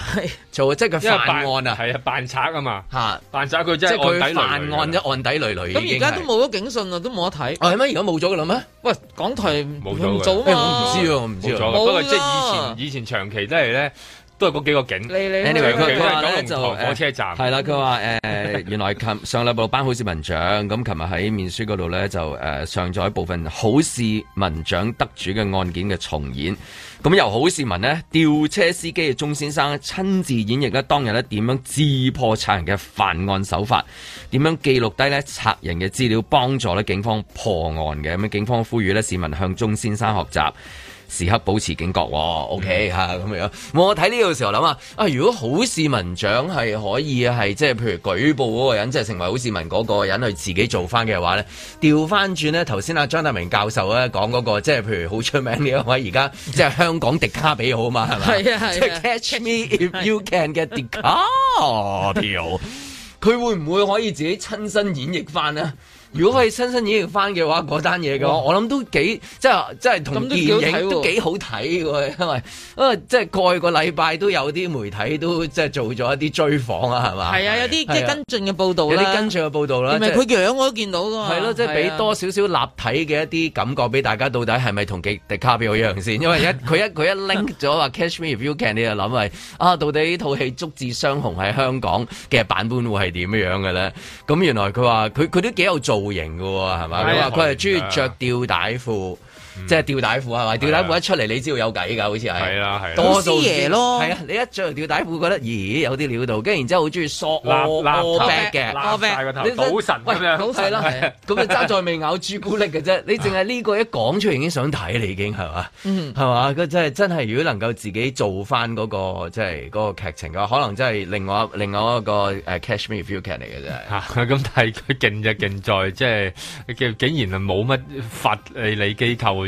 做 [LAUGHS] 即係佢犯案啊，係啊，扮賊啊嘛，嚇，扮賊佢即係佢犯案嘅案底累累，咁而家都冇咗警訊啊，都冇得睇，係咩？而家冇咗嘅啦咩？喂，港台冇唔早咩、欸？我唔知啊，我唔知道，我不過即係以前以前長期都係咧。都係嗰幾個景。anyway 佢話咧就火車站。係啦，佢話誒原來琴上禮拜頒好市民獎咁琴日喺面書嗰度咧就誒、uh, 上載部分好市民獎得主嘅案件嘅重演。咁由好市民呢，吊車司機嘅鍾先生親自演繹咧當日呢點樣智破賊人嘅犯案手法，點樣記錄低呢，賊人嘅資料，幫助呢警方破案嘅。咁警方呼籲呢市民向鍾先生學習。時刻保持警覺、哦、OK 嚇咁，mm hmm. 樣。我睇呢個時候諗啊，啊如果好市民獎係可以係即係譬如舉報嗰個人，即、就、係、是、成為好市民嗰個人去自己做翻嘅話咧，調翻轉咧，頭先阿張達明教授咧講嗰個，即係譬如好出名嘅一位，而家即係香港迪卡比好嘛，係嘛 [LAUGHS] 吧？係咪係啊。就是、啊 catch me if you can 嘅迪卡比好，佢會唔會可以自己親身演繹翻呢？如果可以親身演繹翻嘅話，嗰單嘢嘅話，哦、我諗都幾即係即係同電影都幾好睇嘅，因為，因為即係過去個禮拜都有啲媒體都即係做咗一啲追訪啊，係嘛？係啊，有啲、啊、即係跟進嘅報道、啊、有啲跟進嘅報道啦。係咪佢樣我都見到㗎？係咯、啊，啊、即係俾多少少立體嘅一啲感覺俾大家，到底係咪同《迪卡比》一樣先？啊、因為一佢 [LAUGHS] 一佢一 link 咗話《Catch Me If You Can》，你就諗係啊，到底呢套戲《足智雙雄》喺香港嘅版本會係點樣嘅咧？咁原來佢話佢佢都幾有做。露型嘅喎，係嘛？佢話佢係中意著吊帶褲。即係吊帶褲係咪？吊帶褲一出嚟，你知道有計㗎，好似係。多數嘢咯。係啊，你一着條吊帶褲，覺得咦，有啲料到。跟然之後好中意索我破壁嘅破壁個頭保神咁樣。係咁啊，爭在未咬朱古力嘅啫。你淨係呢個一講出嚟已經想睇你已經係嘛？嗯，係嘛？佢真係真係，如果能夠自己做翻嗰個即係嗰個劇情嘅話，可能真係另外另外一個 catch me if you can 嚟嘅啫。嚇！咁但係佢勁就勁在即係，竟竟然冇乜法例機構。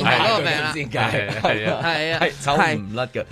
嗰個名啦，先解，係沒啊，係啊，抽唔甩㗎。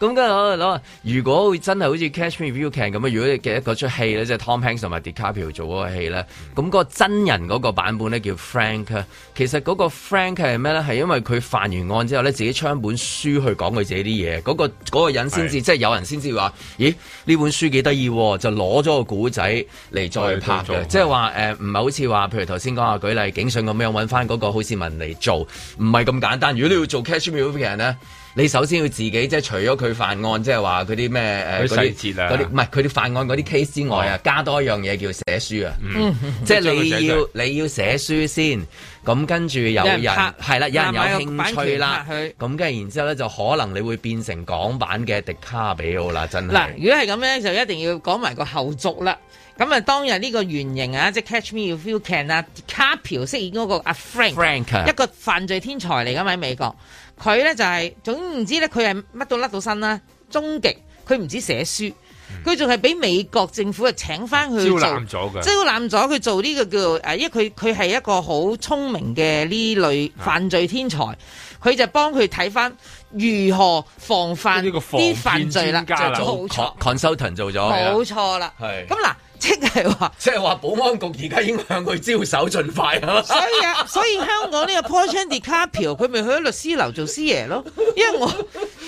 咁跟住攞，如果真係好似 Catch Me If You Can 咁如果你記得嗰出戲咧，即係 Tom Hanks 同埋 DiCaprio 做嗰個戲咧，咁、那、嗰個真人嗰個版本咧，叫 Frank。其實嗰個 Frank 係咩咧？係因為佢犯完案之後咧，自己槍本書去講佢自己啲嘢。嗰、那個嗰、那個、人先至是的 即係有人先至話：咦，呢本書幾得意？就攞咗個古仔嚟再拍嘅，的即係話誒，唔係好似話譬如頭先講下舉例警訊咁樣揾翻嗰個好市民嚟做，唔係咁簡單。如果你要做 Catch Me If You Can 咧？你首先要自己即係除咗佢犯案，即係話佢啲咩誒，嗰啲唔係佢啲犯案嗰啲 case 之外啊，嗯、加多一樣嘢叫寫書啊，嗯、即係你要 [LAUGHS] 你要寫書先，咁跟住有人係拍啦，有人有興趣啦，咁跟住然之後咧就可能你會變成港版嘅迪卡比奧啦，真係。嗱，如果係咁咧，就一定要講埋個後續啦。咁啊，當日呢個原型啊，即係 Catch Me If You Can 啦，卡樸飾演嗰個阿 Frank，, Frank 一個犯罪天才嚟噶喺美國。佢咧就係、是、總唔之咧，佢係乜都甩到身啦。終極佢唔止寫書，佢仲係俾美國政府啊請翻佢做。招攬咗嘅，招攬咗佢做呢個叫誒，因為佢佢係一個好聰明嘅呢類犯罪天才。佢、啊、就幫佢睇翻如何防範啲犯罪啦。即 consultant 做咗，冇錯啦。係咁嗱。即係話即係話保安局而家應該向佢招手了，盡快啊！所以啊所以香港呢個 Portray Carpio，佢咪去咗律師樓做師爺咯？因為我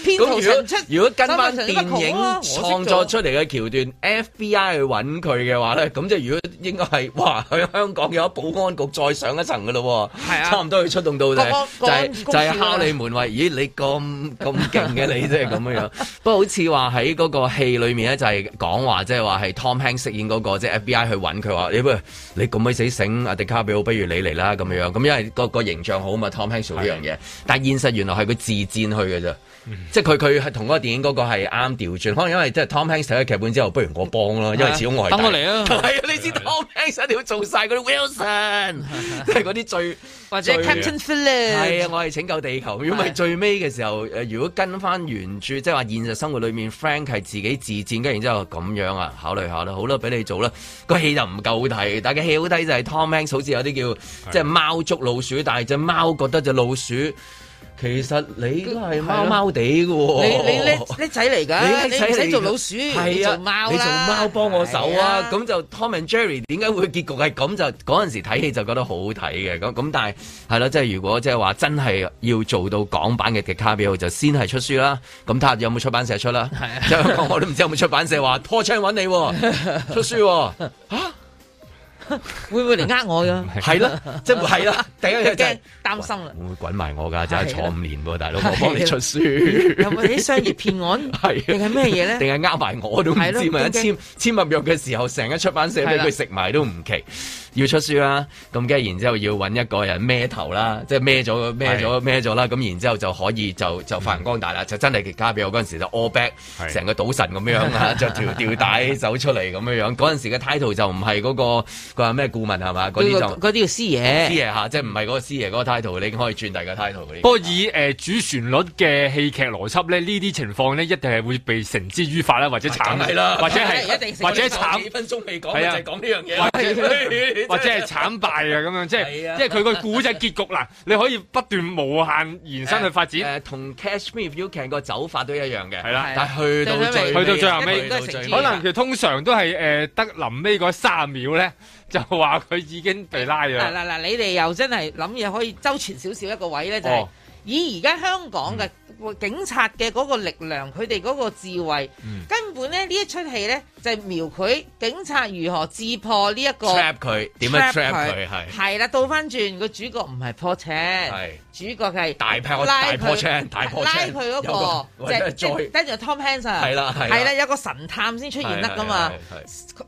編導出如，如果跟翻電影創作出嚟嘅橋段 [LAUGHS] ，FBI 去揾佢嘅話咧，咁係如果應該係哇，去香港有保安局再上一層嘅咯，係啊差唔多要出動到就係就係敲你門話，咦、 [LAUGHS] 欸、你咁咁勁嘅你，真係咁樣樣，不過好似話喺嗰個戲裏面咧，就係講話即係話係 Tom Hanks 飾演個。個即 FBI 去揾佢話，你不如你咁鬼死醒，阿迪卡比奧不如你嚟啦咁樣樣，咁因為個個形象好嘛，Tom Hanks 呢樣嘢，是的 但現實原來係佢自薦去嘅啫。嗯、即係佢佢係同嗰個電影嗰個係啱調轉，可能因為即係 Tom Hanks 寫咗劇本之後，不如我幫囉，因為始終我等翻返嚟啊！係啊， [LAUGHS] 你知的 Tom Hanks 一定要做晒嗰啲 Wilson，即係嗰啲最或者 Captain Flint。係啊，我係拯救地球。如果係最尾嘅時候，誒、呃，如果跟翻原著，即係話現實生活裏面 Frank 係自己自薦，跟然之後咁樣啊，考慮下啦。好啦，俾你做啦。個戲就唔夠好睇，但係個戲好睇就係 Tom Hanks 好似有啲叫的即係貓捉老鼠，但係隻貓覺得隻老鼠。其實你都係貓貓地嘅喎，你你叻叻仔嚟㗎，你使做老鼠，係啊，你做貓你做貓幫我手啊！咁、啊、就 Tom and Jerry 點解會結局係咁？就嗰陣時睇戲就覺得好好睇嘅咁咁，但係係咯，即係、啊、如果即係話真係要做到港版嘅極卡比，就先係出書啦。咁睇下有冇出版社出啦。係啊，是啊我都唔知有冇出版社話 po 章揾你、啊、出書嚇、啊。 [LAUGHS] [LAUGHS] 會唔會嚟呃我噶？係啦， [LAUGHS] [LAUGHS] 即係係啦，第一樣嘢，即係擔心啦了。會唔會滾埋我噶？就係坐五年喎，的大佬，我幫你出書。有冇啲商業騙案？係定係咩嘢咧？定係呃埋我都唔知。萬一簽簽合約嘅時候，成日出版社俾佢食埋都唔奇。要出書啦，咁跟然之後要搵一個人孭頭啦，即係孭咗孭咗孭咗啦，咁然之後就可以就就發揚光大啦，就真係加俾我嗰陣時就 all back，成個賭神咁樣啦著條吊帶走出嚟咁嘅樣，嗰陣時嘅 title 就唔係嗰個佢話咩顧問係嘛？嗰啲就嗰啲叫師爺，師爺嚇，即係唔係嗰個師爺嗰個 title，你已經可以轉第二個 title。不過以誒主旋律嘅戲劇邏輯咧，呢啲情況呢，一定係會被繩之於法啦，或者慘啦，或者係或者慘幾分鐘未講就係講呢樣嘢。或者係慘敗啊！咁樣即係即係佢個故仔結局啦，啊、你可以不斷無限延伸去發展。誒、啊，同、啊、Catch Me If You Can 個走法都一樣嘅，係啦的。的但係去到最去到最後尾，可能佢通常都係誒得臨尾嗰三十秒咧，就話佢已經被拉咗。嗱嗱嗱，你哋又真係諗嘢可以周全少少一個位咧，就係、是。哦以而家香港嘅警察嘅嗰個力量，佢哋嗰個智慧，根本咧呢一出戲咧就係描繪警察如何自破呢一個 trap 佢，點樣 trap 佢？係係啦，倒翻轉個主角唔係破車係主角係大拍大破車，拉佢嗰個即即跟住 Tom Hanks 係啦係啦，有個神探先出現得噶嘛？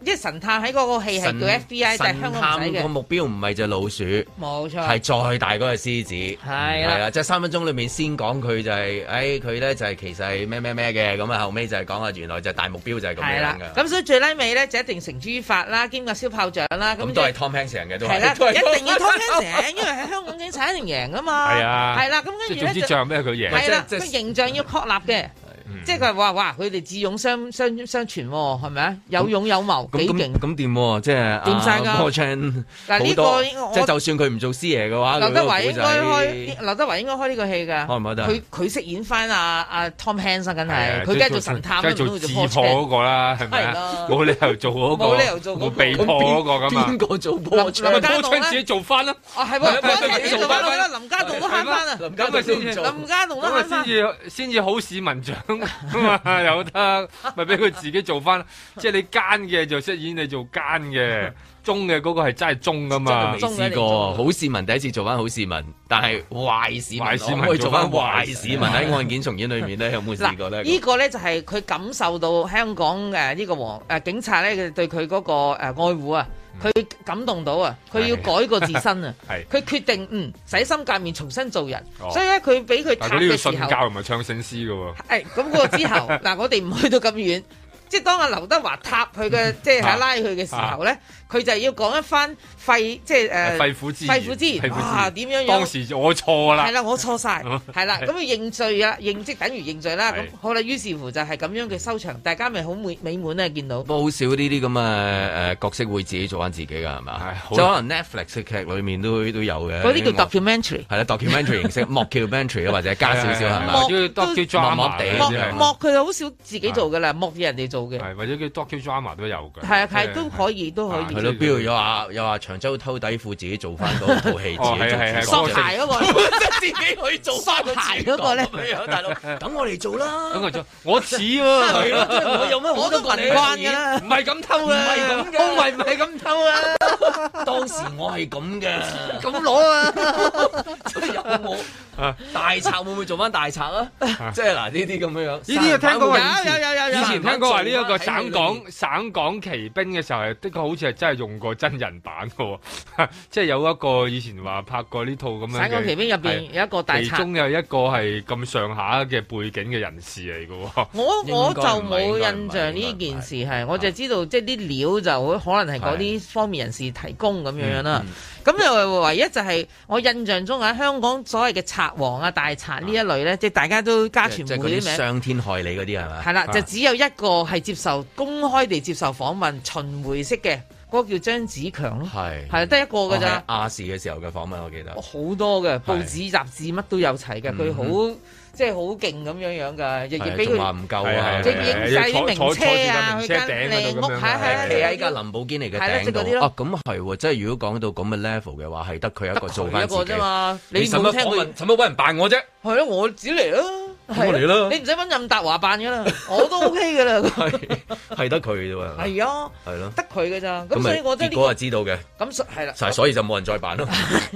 即係神探喺嗰個戲係叫 FBI，就係香港仔嘅目標唔係隻老鼠，冇錯，係再大嗰隻獅子，係啊，係啊，即係三。分鐘裏面先講佢就係，誒佢咧就係其實係咩咩咩嘅，咁啊後尾就係講啊，原來就大目標就係咁樣噶。咁所以最尾咧就一定繩之於法啦，兼過燒炮仗啦。咁都係 Tom Hanks 贏嘅都係，一定要 Tom Hanks，因為喺香港警察一定贏噶嘛。係啊，係啦，咁跟住。即係總之，仗咩佢贏。係啦，佢形象要確立嘅。即係佢話哇，佢哋智勇雙雙雙全係咪啊？有勇有謀，幾勁咁掂，即係點晒噶？嗱呢個即係就算佢唔做師爺嘅話，劉德華應該開劉德華應該開呢個戲噶？唔佢佢識演翻阿阿 Tom Hansen，梗係佢梗係做神探，即係做自破嗰個啦，係咪我冇理由做嗰個冇理由做個被破嗰個噶嘛？邊個做波槍？林家棟咧？波槍自己做翻啦！啊，係喎，波槍自己做翻啦！林家棟都慳翻啦！咁咪先，林家棟都慳翻，先至先至好市民像。 [LAUGHS] 有得咪俾佢自己做翻，即係你奸嘅，就飾演你做奸嘅，忠嘅嗰個係真係忠噶嘛？未試過好市民，第一次做翻好市民，但係壞市民，壞市民可以做翻壞市民，喺案件重演裏面咧， [LAUGHS] 有冇試過咧、這個？呢個咧就係佢感受到香港誒，呢個黃誒警察咧，佢對佢嗰個誒愛護啊！佢、嗯、感動到啊！佢要改過自身啊！佢 [LAUGHS] 是決定嗯洗心革面重新做人，哦、所以咧佢俾佢探嘅時候，佢呢個信教唔係唱聖詩嘅喎、啊。咁、 [LAUGHS] 哎、個之後，嗱 [LAUGHS] 我哋唔去到咁遠，即係當阿劉德華探佢嘅， [LAUGHS] 即係拉佢嘅時候咧。 [LAUGHS] 啊啊。佢就係要講一番肺，即係誒肺腑之肺腑之言，哇點樣樣？當時我錯啦，係啦，我錯晒。係啦，咁佢認罪啊，認職等於認罪啦。咁好啦，於是乎就係咁樣嘅收場，大家咪好美美滿咧，見到。都好少呢啲咁嘅誒角色會自己做翻自己噶，係嘛？就可能 Netflix 嘅劇裏面都都有嘅。嗰啲叫 documentary 係 documentary 形式 mockumentary 或者加少少係嘛？默佢好少自己做噶啦，默啲人哋做嘅。或者叫 docudrama 都有嘅。係係都可以，都可以。比如有話又話長洲偷底褲，自己做翻嗰套戲，收鞋嗰即係自己去做翻個咧。大佬，等我嚟做啦！等我做，我似喎。我有咩？我都怪你。當然，唔係咁偷嘅，唔係咁嘅，唔係唔係咁偷啊！當時我係咁嘅，咁攞啊！大賊會唔會做翻大賊啊？即係嗱呢啲咁嘅樣，呢啲聽有，有。以前聽講話呢一個省港省港奇兵嘅時候係的確好似係真係用過真人版嘅，即係有一個以前話拍過呢套咁樣《省港旗兵》入邊有一個大賊，其中有一個係咁上下嘅背景嘅人士嚟嘅。我我就冇印象呢件事係，我就知道即係啲料就可能係嗰啲方面人士提供咁樣啦。咁又的唯一就係我印象中喺香港所謂嘅賊王啊、大賊呢一類咧，即係的大家都加傳媒啲名，傷天害理嗰啲係咪？係啦，就只有一個係接受公開地接受訪問、巡迴式嘅。嗰個叫張子強咯，係係得一個㗎啫。亞視嘅時候嘅訪問，我記得好多嘅報紙雜誌乜都有齊嘅。佢好即係好勁咁樣樣㗎，日日俾佢。仲話唔夠啊！即係影製咗名車啊，去間你屋，係係企喺架林寶堅尼嘅頂啲哦，咁係喎，即係如果講到咁嘅 level 嘅話，係得佢一個做翻自己啫嘛。你乜嘢訪問，乜嘢揾人扮我啫？係咯，我只嚟啊。嚟咯，你唔使揾任達華扮噶啦，我都 OK 噶啦。係係得佢啫嘛。係啊，係咯，得佢噶咋。咁所以我都係知道嘅。咁係啦，所以就冇人再扮咯。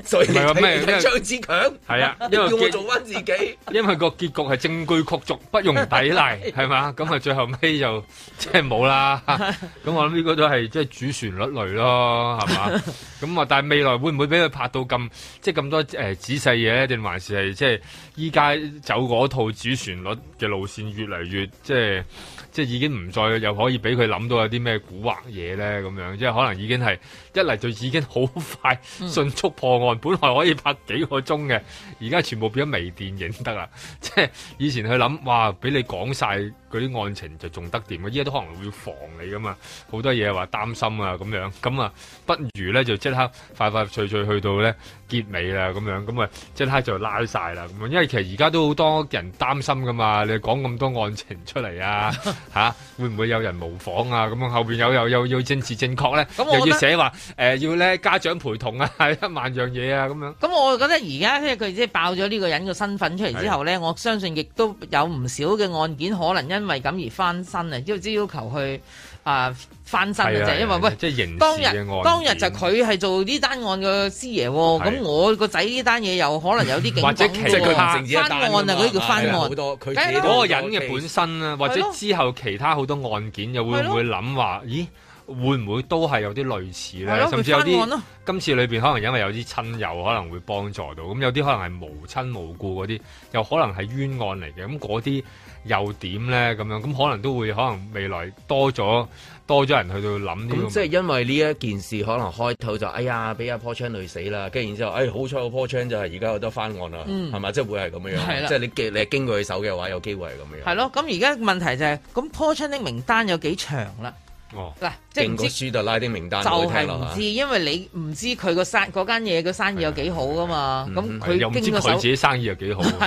所以係咩？張志強係啊，因為我做翻自己。因為個結局係證據確鑿，不容抵賴，係嘛？咁啊，最後尾就即係冇啦。咁我諗呢個都係即係主旋律類咯，係嘛？咁啊，但係未來會唔會俾佢拍到咁即係咁多誒仔細嘢定還是係即係？依家走嗰套主旋律嘅路線越來越，越嚟越即係即係已經唔再又可以俾佢諗到有啲咩古惑嘢咧，咁樣，即係可能已經係一嚟就已經好快迅速破案，嗯、本來可以拍幾個鐘嘅，而家全部變咗微電影得啦，即係以前佢諗，哇俾你講晒。嗰啲案情就仲得掂，依家都可能會防你噶嘛，好多嘢話擔心啊咁樣，咁啊不如咧就即刻快快脆脆去到咧結尾啦咁樣，咁啊即刻就拉晒啦，因為其實而家都好多人擔心噶嘛，你講咁多案情出嚟啊吓、 [LAUGHS] 啊、會唔會有人模仿啊？咁啊後邊有有有要政治正確咧，我又要寫話誒、呃、要咧家長陪同啊，一 [LAUGHS] 萬樣嘢啊咁樣，咁我覺得而家即係佢即係爆咗呢個人嘅身份出嚟之後咧，的我相信亦都有唔少嘅案件可能因為咁而翻身啊，即係要求去啊翻身嘅啫。係因為喂，即係當日當日就佢係做呢單案嘅師爺喎，咁我個仔呢單嘢又可能有啲或者其他翻案啊，啲叫翻案，係好多佢嗰個人嘅本身啦，或者之後其他好多案件又會唔會諗話，咦？會唔會都係有啲類似咧？的甚至有啲的、啊、今次裏面可能因為有啲親友可能會幫助到，咁有啲可能係無親無故嗰啲，又可能係冤案嚟嘅。咁嗰啲又點咧？咁樣咁可能都會可能未來多咗多咗人去到諗啲。即係因為呢一件事，可能開頭就哎呀，俾阿 po 窗累死啦，跟住然之後，哎呀，好彩個 po 窗就係而家有得翻案啦，係咪、嗯？即係會係咁樣樣，的即係你，你經過佢手嘅話，有機會係咁樣。係咯，咁而家問題就係、是，咁 po 窗的名單有幾長啦？哦，嗱。定個舒特拉啲名單去聽就係唔知，因為你唔知佢個生嗰間嘢個生意有幾好噶嘛，咁佢又唔知佢自己生意有幾好，可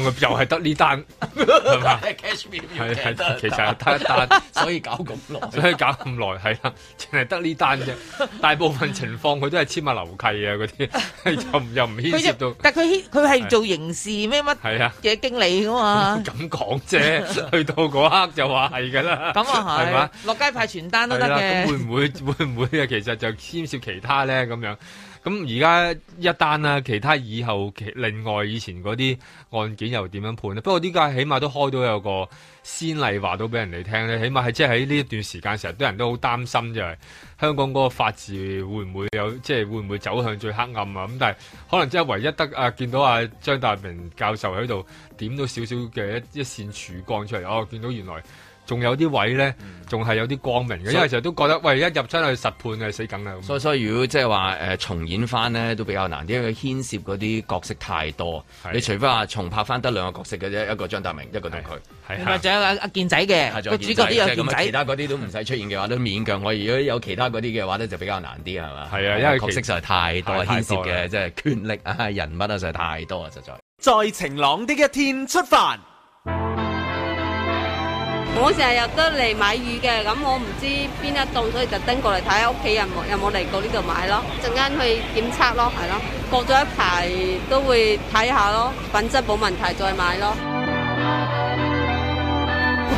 能佢又係得呢單，係其實係得一單，所以搞咁耐，所以搞咁耐係啦，淨係得呢單啫。大部分情況佢都係簽下樓契啊嗰啲，又又唔牽涉到。但佢佢係做刑事咩乜？係啊嘅經理噶嘛。咁講啫，去到嗰刻就話係噶啦。咁啊係，落街派傳單都得嘅。會唔會會唔會啊？其實就牽涉其他呢？咁樣，咁而家一單啦，其他以後另外以前嗰啲案件又點樣判呢？不過點解起碼都開到有個先例，話到俾人哋聽呢？起碼係即係喺呢一段時間，成日都人都好擔心，就係香港嗰個法治會唔會有即係、就是、會唔會走向最黑暗啊？咁但係可能即係唯一得啊，見到阿張大明教授喺度點到少少嘅一一線曙光出嚟，哦，見到原來。仲有啲位咧，仲係有啲光明嘅，因為成日都覺得，喂，一入親去實判就死梗啦。所以所以如果即係話重演翻咧，都比較難啲，因為牽涉嗰啲角色太多。你除非話重拍翻得兩個角色嘅啫，一個張達明，一個同佢，或者阿阿健仔嘅個主角啲有健仔，其他嗰啲都唔使出現嘅話都勉強。我如果有其他嗰啲嘅話咧，就比較難啲係嘛？係啊，因為角色實在太多牽涉嘅，即係權力啊、人物啊，實在太多啊，實在。在晴朗的一天出發。我成日入得嚟買魚嘅，咁我唔知邊一檔，所以就登過嚟睇下，屋企人有冇嚟過呢度買咯，陣間去檢測咯，係咯，過咗一排都會睇下咯，品質冇問題再買咯。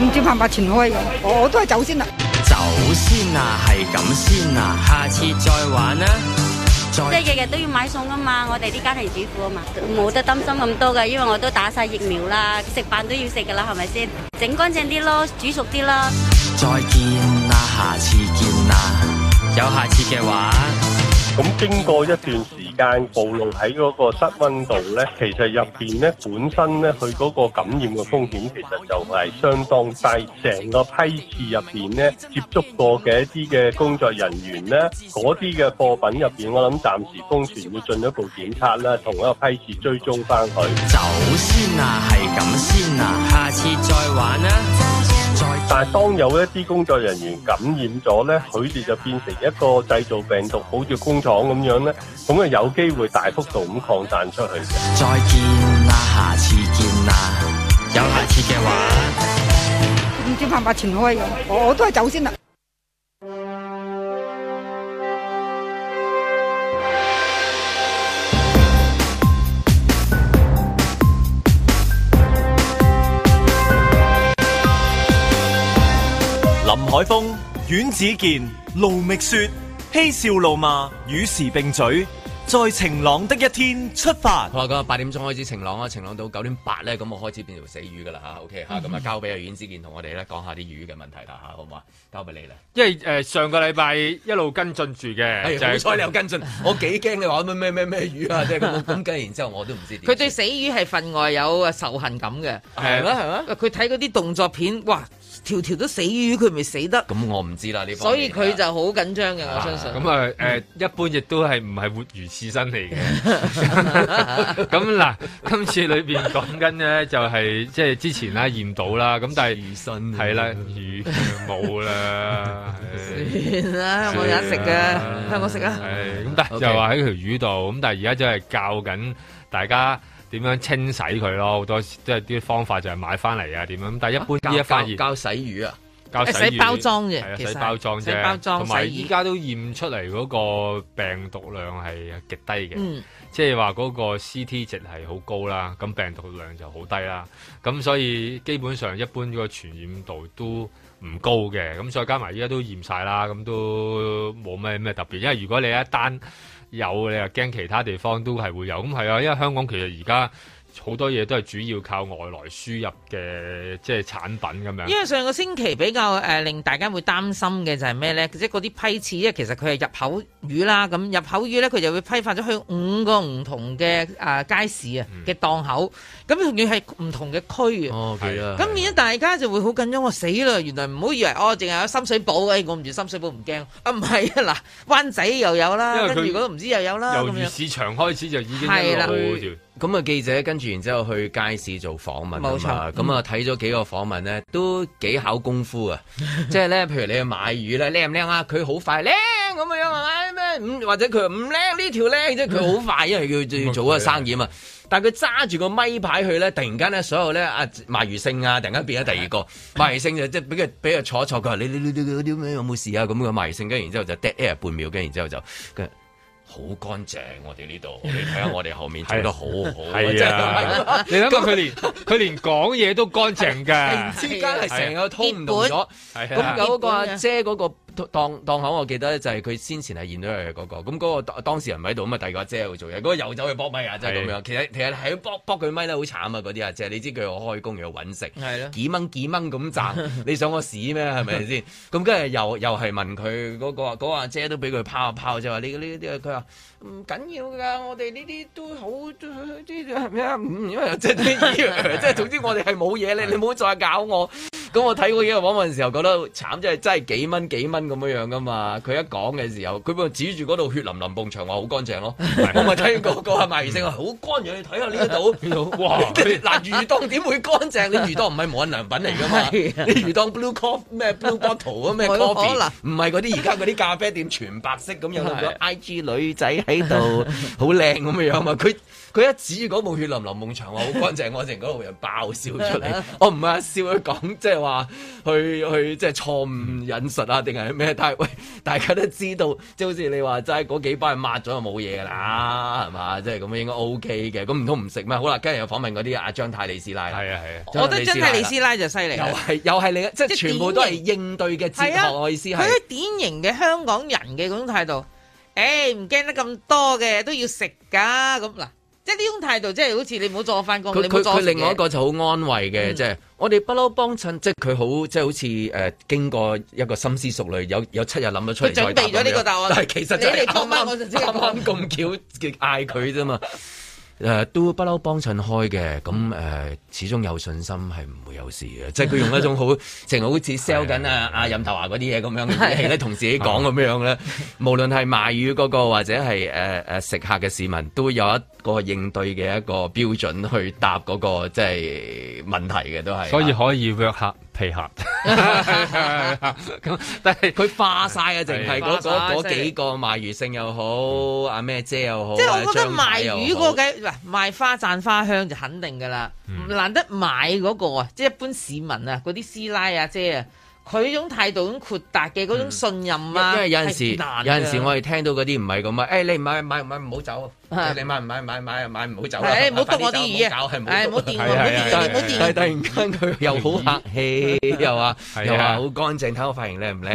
唔知辦法傳開我都係走，走先啦，啊，走先啦，係咁先啦，下次再玩啦，啊。嗯即係日日都要買餸啊嘛，我哋啲家庭主婦啊嘛，冇得擔心咁多噶，因為我都打晒疫苗啦，食飯都要食噶啦，係咪先？整乾淨啲咯，煮熟啲啦。再見啦，下次見啦，有下次嘅話。咁經過一段時間暴露喺嗰個室溫度咧，其實入邊咧本身咧佢嗰個感染嘅風險其實就係相當低，成個批次入邊咧接觸過嘅一啲嘅工作人員咧，嗰啲嘅貨品入邊，我諗暫時封存會進一步檢測啦，同一個批次追蹤翻去。走先啊！係咁先啊！下次再玩啦！但係當有一啲工作人員感染咗咧，佢哋就變成一個製造病毒好似工廠咁樣咧，咁啊有機會大幅度咁擴散出去。再見啦，下次見啦，有下次嘅話，唔知怕唔怕傳開？我我都係走先啦。吳海峰、阮子健、盧覓雪、嬉笑怒罵、與時並嘴。在晴朗的一天出發。好啦咁八點鐘開始晴朗啊，晴朗到九點八咧，咁我開始變條死魚噶啦吓，OK 吓、嗯，咁啊交俾阿阮子健同我哋咧講下啲魚嘅問題啦吓，好唔好啊？交俾你啦。因為誒、呃、上個禮拜一路跟進住嘅，是就是、好彩你有跟進，我幾驚你話咩咩咩咩魚啊，即係咁。咁跟，然之後我都唔知點。佢對死魚係分外有仇恨感嘅，係咯係咯。佢睇嗰啲動作片，哇！條條都死魚，佢咪死得？咁、嗯、我唔知啦，呢所以佢就好緊張嘅，啊、我相信。咁啊，誒、嗯嗯啊，一般亦都係唔係活魚刺身嚟嘅？咁嗱，今次裏邊講緊呢，就係即係之前啦，驗到啦，咁但係魚身係啦，魚冇啦，算啦了，哎、我有得食嘅，睇了我食啊。咁、哎嗯、但係又話喺條魚度，咁但係而家真係教緊大家。點樣清洗佢咯？好多即係啲方法就係買翻嚟啊點樣？但係一般呢一塊魚教洗魚啊，洗魚，洗包裝嘅，洗包裝啫，同埋依家都驗出嚟嗰個病毒量係極低嘅，即係話嗰個 CT 值係好高啦，咁病毒量就好低啦，咁所以基本上一般嗰個傳染度都唔高嘅。咁再加埋依家都驗晒啦，咁都冇咩咩特別。因為如果你一單有，你又驚其他地方都係會有，咁係啊，因為香港其實而家。好多嘢都係主要靠外來輸入嘅，即係產品咁樣。因為上個星期比較、呃、令大家會擔心嘅就係咩咧？即係嗰啲批次，因為其實佢係入口魚啦，咁、嗯、入口魚咧佢就會批發咗去五個唔同嘅、啊、街市啊嘅檔口，咁仲要係唔同嘅區啊。哦，咁而家大家就會好緊張，我、哦、死啦！原來唔好以為哦，淨係有深水埗，嘅、哎、我唔住深水埗唔驚。啊唔係啊，嗱灣仔又有啦。因為佢如果唔知又有啦。由魚市場開始就已經係啦。咁啊，記者跟住然之後去街市做訪問，冇錯，咁啊睇咗幾個訪問咧，都幾考功夫啊！即係咧，譬如你去買魚咧，靚唔靚啊？佢好快靚咁樣係咪、啊、或者佢唔靚呢條靚，即係佢好快，因為 [LAUGHS] 要做做個生意啊嘛。 [LAUGHS] 但係佢揸住個咪牌去咧，突然間咧，所有咧啊賣魚勝啊，突然間變咗第二個賣 [LAUGHS] 魚勝就即係俾佢俾佢坐一坐，佢話：你你你你你，你有冇事啊？咁個賣魚勝跟住然之後就 dead air 半秒，跟住然之後就跟。好乾淨、啊，我哋呢度，你睇下我哋後面整得、 [LAUGHS] 啊、好好、啊，啊、 [LAUGHS] 你諗下佢連佢 [LAUGHS] 連講嘢都乾淨嘅，突然、 [LAUGHS] 啊、之間係成個通唔到咗，咁本有個阿姐嗰、嗰個。檔檔口我記得就係佢先前係見到係嗰個，咁嗰個當事人咪喺度，咁啊第二個阿姐喺做嘢，嗰個遊走去搏咪啊，即係咁樣。其實其實喺搏搏佢咪咧好慘啊，嗰啲啊，即係你知佢開工要揾食，幾蚊幾蚊咁賺，你想我屎咩？係咪先？咁跟住又又係問佢嗰個嗰個，姐，姐都俾佢拋下拋，就話你你啲佢話唔緊要㗎，我哋呢啲都好，呢啲係咩啊？因為真啲，即係總之我哋係冇嘢咧，你唔好再搞我。咁我睇過幾個訪問時候覺得慘，即係真係幾蚊幾蚊咁樣樣噶嘛。佢一講嘅時候，佢咪指住嗰度血淋淋埲牆，話好乾淨咯。 [LAUGHS] 我咪聽過，個賣魚姓話好乾淨，你睇下呢度，哇！嗱，魚檔點會乾淨？你魚檔唔係無印良品嚟噶嘛？你 [LAUGHS] 魚檔 blue coffee 咩 blue bottle 啊咩 coffee，唔係嗰 [LAUGHS] 啲而家嗰啲咖啡店全白色咁樣，個 [LAUGHS] IG 女仔喺度好靚咁樣嘛佢。佢一指住嗰幕血淋淋夢場話好乾淨， [LAUGHS] 我成個人爆笑出嚟。 [LAUGHS] 我唔係笑佢講，即係話去去即係、就是、錯誤引述啊，定係咩？但係喂，大家都知道，即、就、係、是、好似你話齋嗰幾班人抹咗就冇嘢㗎啦，係嘛？即係咁應該 O K 嘅。咁唔通唔食咩？好啦，跟住又訪問嗰啲阿張太李師奶。係啊係啊，我覺得張太李師奶就犀利。又係又係你，即係全部都係應對嘅姿態。啊、思佢典型嘅香港人嘅嗰種態度。誒唔驚得咁多嘅都要食㗎咁嗱。即係呢種態度，即係好似你唔好做我翻工，佢佢佢另外一個就好安慰嘅，即係、嗯、我哋不嬲幫襯，即係佢好，即係好似誒經過一個深思熟慮，有有七日諗咗出嚟準備咗呢個答案。但係其實剛剛你哋今晚我就至講，今晚咁巧叫嗌佢啫嘛。誒、 [LAUGHS] 呃、都不嬲幫襯開嘅，咁誒。呃始終有信心係唔會有事嘅，即係佢用一種好，淨係好似 sell 緊啊阿任頭華嗰啲嘢咁樣嘅同自己講咁樣咧。無論係賣魚嗰個或者係誒食客嘅市民，都有一個應對嘅一個標準去答嗰個即係問題嘅，都係。所以可以 work hard play hard，但係佢花晒啊，淨係嗰個幾個賣魚性又好，啊咩姐又好，即係我覺得賣魚嗰個賣花讚花香就肯定㗎啦。得買嗰、那個啊，即係一般市民啊，嗰啲師奶啊，即係佢種態度咁豁達嘅嗰種信任啊，嗯、因為有陣時有陣時我哋聽到嗰啲唔係咁啊，誒、哎、你唔買買唔買唔好走。你買唔買？買買又買唔好走。係唔好讀我啲字。搞係唔好掂。好係係。係突然間佢又好客氣，又話又話好乾淨，睇我髮型靚唔靚？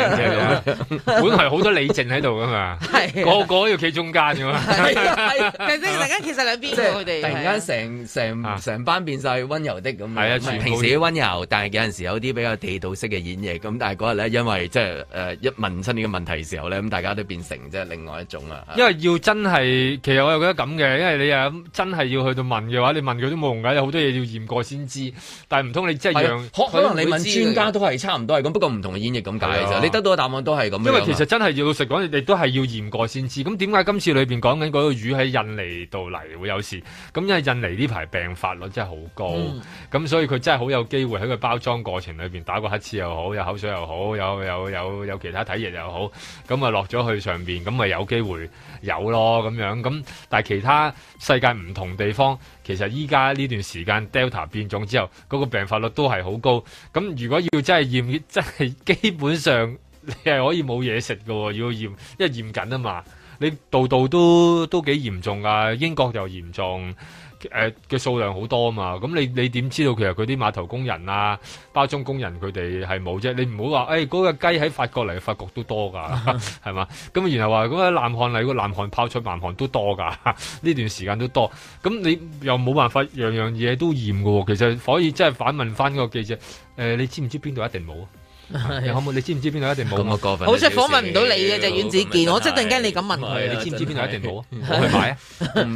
本嚟好多理政喺度噶嘛，個個要企中間噶嘛。係係。突然間其實喺邊度佢哋？突然間成成成班變晒溫柔的咁。係平時啲溫柔，但係有陣時有啲比較地道式嘅演説。咁但係嗰日咧，因為即係誒一問出呢個問題嘅時候咧，咁大家都變成即係另外一種啊。因為要真係，其實我咁嘅，因為你啊，真係要去到問嘅話，你問佢都冇用解，有好多嘢要驗過先知。但係唔通你真係可能你問專家都係差唔多係咁，不過唔同嘅演繹咁解噶咋。的你得到嘅答案都係咁。因為其實真係要食講，你都係要驗過先知。咁點解今次裏邊講緊嗰個魚喺印尼度嚟會有事？咁因為印尼呢排病發率真係好高，咁、嗯、所以佢真係好有機會喺個包裝過程裏邊打過乞嗤又好，有口水又好，有有有有,有其他體液又好，咁啊落咗去上邊，咁咪有機會有咯咁樣咁。但其他世界唔同地方，其實依家呢段時間 Delta 變種之後，嗰個病發率都係好高。咁如果要真係驗血，真係基本上你係可以冇嘢食嘅喎，要驗，因為驗緊啊嘛。你度度都都幾嚴重啊，英國又嚴重。誒嘅、呃、數量好多嘛，咁你你點知道其實佢啲碼頭工人啊、包裝工人佢哋係冇啫？你唔好話誒嗰個雞喺法國嚟，法國都多㗎，係嘛？ [LAUGHS] 咁然後話咁喺南韓嚟，嗰個南韓拋出南韓都多㗎，呢段時間都多。咁你又冇辦法樣樣嘢都驗㗎喎？其實可以真係反問翻個記者、呃、你知唔知邊度一定冇？你可冇？你知唔知邊度一定冇？好彩訪問唔到你嘅阮子健，我真係突然間你咁問佢。你知唔知邊度一定冇啊？我去買啊，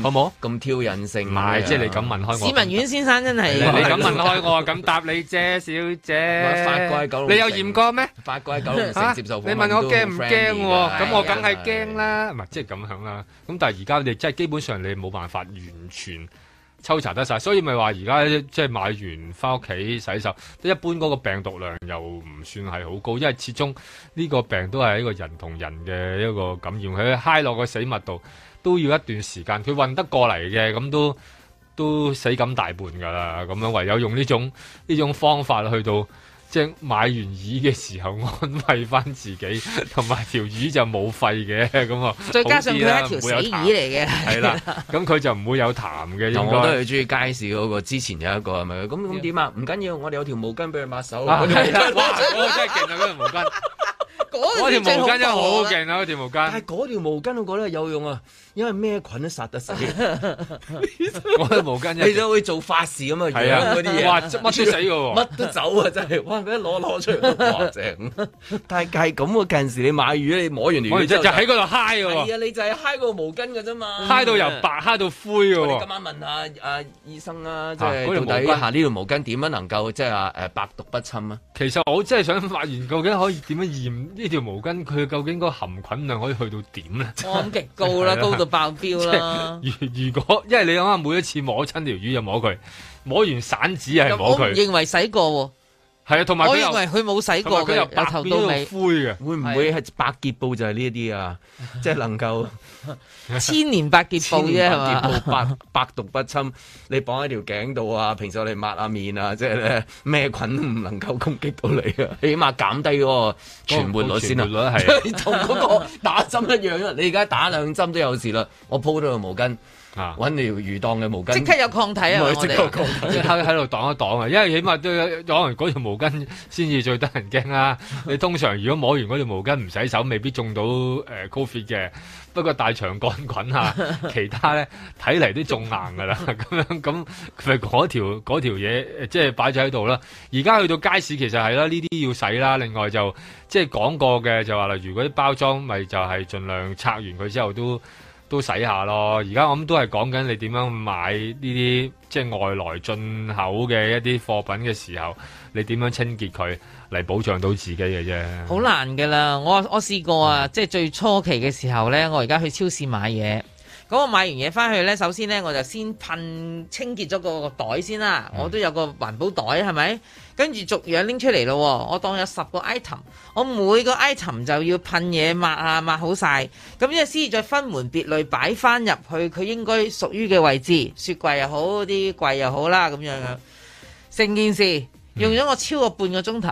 好冇？咁挑人性，買即係你咁問開我。市民院先生真係，你咁問開我，咁答你啫，小姐。八桂九龍，你有驗過咩？八桂九龍嚇，接受你問我驚唔驚？咁我梗係驚啦，唔係即係咁樣啦。咁但係而家你真係基本上你冇辦法完全。抽查得晒，所以咪話而家即係買完返屋企洗手，一般嗰個病毒量又唔算係好高，因為始終呢個病都係一個人同人嘅一個感染，佢揩落個死物度都要一段時間，佢運得過嚟嘅，咁都都死咁大半㗎啦，咁樣唯有用呢種呢種方法去到。買完魚嘅時候，安慰翻自己，同埋條魚就冇肺嘅咁啊，再加上佢係一條死魚嚟嘅，係啦，咁佢就唔會有痰嘅。同我覺得佢中意街市嗰個，個，之前有一個係咪？咁咁點啊？唔緊要緊，我哋有條毛巾俾佢抹手。啊，係啊，抹手，真係勁呀條毛巾。嗰條毛巾真係好勁啊！嗰條毛巾，但係嗰條毛巾我覺得有用啊，因為咩菌都殺得死。嗰條毛巾，你都可以做法事咁啊，係啊，嗰啲嘢。哇，乜都死喎，乜都走啊，真係！哇，俾一攞攞出嚟，哇，正！但係係咁喎，近時你買魚，你摸完魚，摸就喺嗰度嗨喎。係啊，你就係嗨嗰毛巾嘅啫嘛，嗨到由白嗨到灰嘅喎。你今晚問下阿醫生啊，即係到底下呢條毛巾點樣能夠即係啊？誒，百毒不侵啊？其實我真係想發現究竟可以點樣驗呢條毛巾佢究竟嗰含菌量可以去到點咧？咁極、哦、高啦，吧高到爆表啦！如、就是、如果，因為你諗下，每一次摸親條魚又摸佢，摸完散紙又係摸佢，我認為洗過、哦。係啊，同埋我認為佢冇洗過，佢由白由頭到尾灰嘅，會唔會係百潔布就係呢啲啊？ [LAUGHS] 即係能夠千年，千年百潔布啫嘛，百百吧毒不侵。你綁喺條頸度啊， [LAUGHS] 平時我哋抹下面啊，即係咧咩菌都唔能夠攻擊到你啊，起碼減低嗰個存活率先啦、啊。係同嗰個打針一樣啊！ [LAUGHS] 你而家打兩針都有事啦，我鋪咗個毛巾。啊！搵條魚檔嘅毛巾，即刻有抗體啊！我哋喺喺度擋一擋啊！因為起碼都攞完嗰條毛巾先至最得人驚啦。 [LAUGHS] 你通常如果摸完嗰條毛巾唔洗手，未必中到誒高血嘅。不過大腸桿菌下、啊， [LAUGHS] 其他咧睇嚟都中硬噶啦。咁樣咁咪嗰條嗰嘢即係擺咗喺度啦。而家、就是、去到街市其實係啦，呢啲要洗啦。另外就即係、就是、講過嘅就話，例如果啲包裝咪就係盡量拆完佢之後都。都洗下咯。而家我諗都係講緊你點樣買呢啲即係外來進口嘅一啲貨品嘅時候，你點樣清潔佢嚟，保障到自己嘅啫。好難噶啦！我我試過啊，嗯、即係最初期嘅時候呢，我而家去超市買嘢。咁我買完嘢翻去呢，首先呢，我就先噴清潔咗個袋先啦。嗯、我都有個環保袋，係咪？跟住逐樣拎出嚟咯。我當有十個 item，我每個 item 就要噴嘢抹啊，抹好晒。咁之後先再分門別類擺翻入去佢應該屬於嘅位置，雪櫃又好，啲櫃又好啦，咁樣樣。成、嗯、件事用咗我超過半個鐘頭。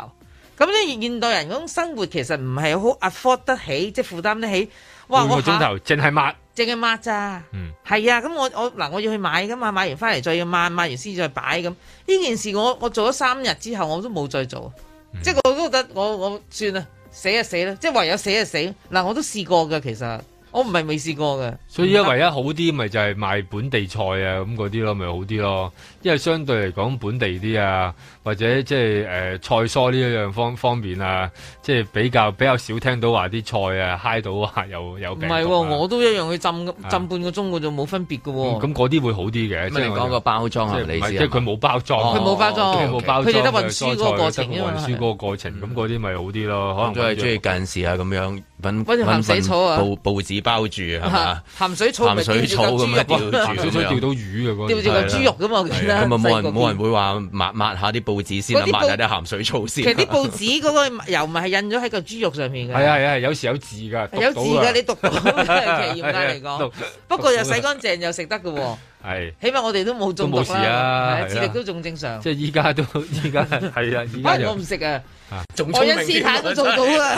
咁呢、嗯，現代人咁生活其實唔係好 afford 得起，即、就、負、是、負擔得起。哇！半個鐘頭淨係抹。淨係抹咋，係、嗯、啊，咁我我嗱我要去買噶嘛，買完翻嚟再要抹，抹完先再擺咁。呢件事我我做咗三日之後，我都冇再做，嗯、即係我都覺得我我算啦，死就死啦，即係唯有死就死。嗱，我都試過噶，其實我唔係未試過㗎。所以一唯一好啲咪就係賣本地菜啊咁嗰啲咯，咪好啲咯。因為相對嚟講本地啲啊，或者即係誒菜蔬呢一樣方方面啊，即係比較比較少聽到話啲菜啊嗨到啊有有。唔係喎，我都一樣去浸，浸半個鐘我就冇分別㗎喎。咁嗰啲會好啲嘅。咁你講個包裝係你即係佢冇包裝，佢冇包裝，佢冇包得運輸嗰個過程運輸嗰個過程，咁嗰啲咪好啲咯？可能都係中意近視啊咁樣。鹹水草份報紙包住係嘛？鹹水草啊！鹹水草咁啊，鹹水草釣到魚嘅嗰個。豬肉嘅嘛～咁啊，冇人冇人會話抹抹下啲報紙先，抹下啲鹹水醋先。其實啲報紙嗰個油唔係印咗喺個豬肉上面嘅。係啊係啊，有時有字噶。有字噶，你讀到都係奇驗家嚟講。不過又洗乾淨又食得噶。係，起碼我哋都冇中毒啦，智力都仲正常。即係依家都依家係啊，我唔食啊，愛因斯坦都做到啊。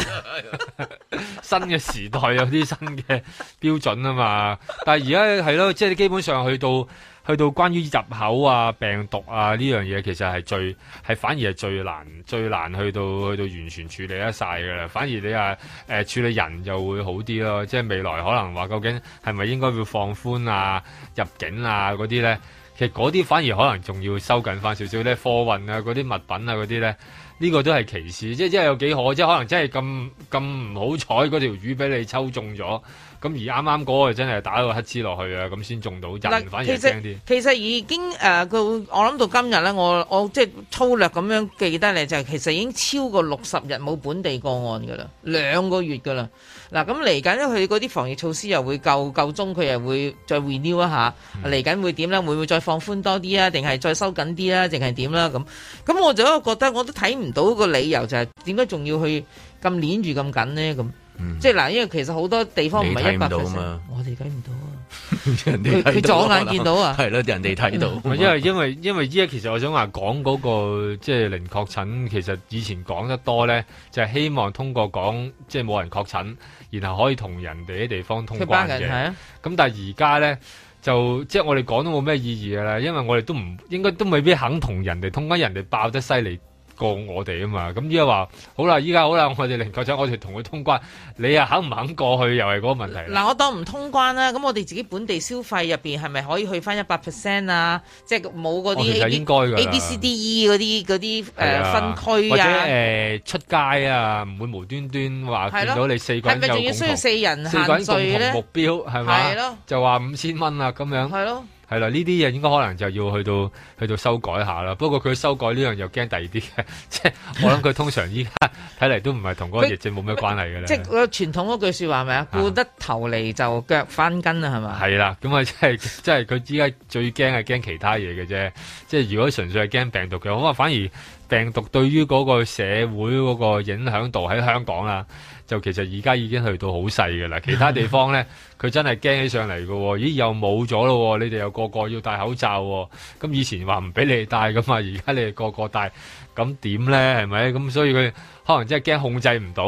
新嘅時代有啲新嘅標準啊嘛，但係而家係咯，即係基本上去到。去到關於入口啊、病毒啊呢樣嘢，其實係最係反而係最難、最難去到去到完全處理得晒㗎啦。反而你呀誒、呃、處理人就會好啲咯，即係未來可能話究竟係咪應該要放寬啊入境啊嗰啲咧？其實嗰啲反而可能仲要收緊翻少少咧，貨運啊嗰啲物品啊嗰啲咧，呢、這個都係歧視，即係即係有幾可，即係可能真係咁咁唔好彩嗰條魚俾你抽中咗。咁而啱啱嗰個真係打咗黑黐落去啊，咁先中到人，實反而正啲。其實已經誒，佢、呃、我諗到今日咧，我我即係粗略咁樣記得呢就係、其實已經超過六十日冇本地個案㗎啦，兩個月㗎啦。嗱，咁嚟緊咧，佢嗰啲防疫措施又會夠夠鐘，佢又會再 renew 一下。嚟緊會點咧？會唔會再放寬多啲啊？定係再收緊啲啊？定係點啦？咁、嗯、咁、啊嗯，我就覺得我都睇唔到個理由，就係點解仲要去咁攆住咁緊呢？咁、嗯即係嗱，因為其實好多地方唔係一百 percent，我哋睇唔到啊。人哋佢左眼見到啊，係咯，人哋睇到。因為因為因為依家，其實我想話講嗰個即係零確診，其實以前講得多咧，就係希望通過講即係冇人確診，然後可以同人哋啲地方通關嘅。咁但係而家咧就即係我哋講都冇咩意義啦，因為我哋都唔應該都未必肯同人哋通關，人哋爆得犀利。告我哋啊嘛，咁而家話好啦，依家好啦，我哋嚟夠咗，我哋同佢通關，你又肯唔肯過去又係嗰個問題。嗱，我當唔通關啦，咁我哋自己本地消費入邊係咪可以去翻一百 percent 啊？即係冇嗰啲 A B C D E 嗰啲啲誒分區，啊，或者、呃、出街啊，唔會無端端話見到的你四個人又共，共同目標係嘛？就話五千蚊啊，咁樣。係啦，呢啲嘢應該可能就要去到去到修改下啦。不過佢修改呢樣又驚第二啲嘅，即係我諗佢通常依家睇嚟都唔係同嗰個疫症冇咩關係嘅喇。即係個傳統嗰句說話咪啊，顧得頭嚟就腳翻跟啊，係嘛？係啦，咁啊即係即係佢依家最驚係驚其他嘢嘅啫。即係如果純粹係驚病毒嘅，我話反而病毒對於嗰個社會嗰個影響度喺香港啦，就其實而家已經去到好細嘅啦。其他地方咧？ [LAUGHS] 佢真係驚起上嚟㗎喎，咦又冇咗咯喎，你哋又個個要戴口罩喎，咁以前話唔俾你戴㗎嘛，而家你哋個個戴，咁點咧係咪？咁所以佢可能真係驚控制唔到，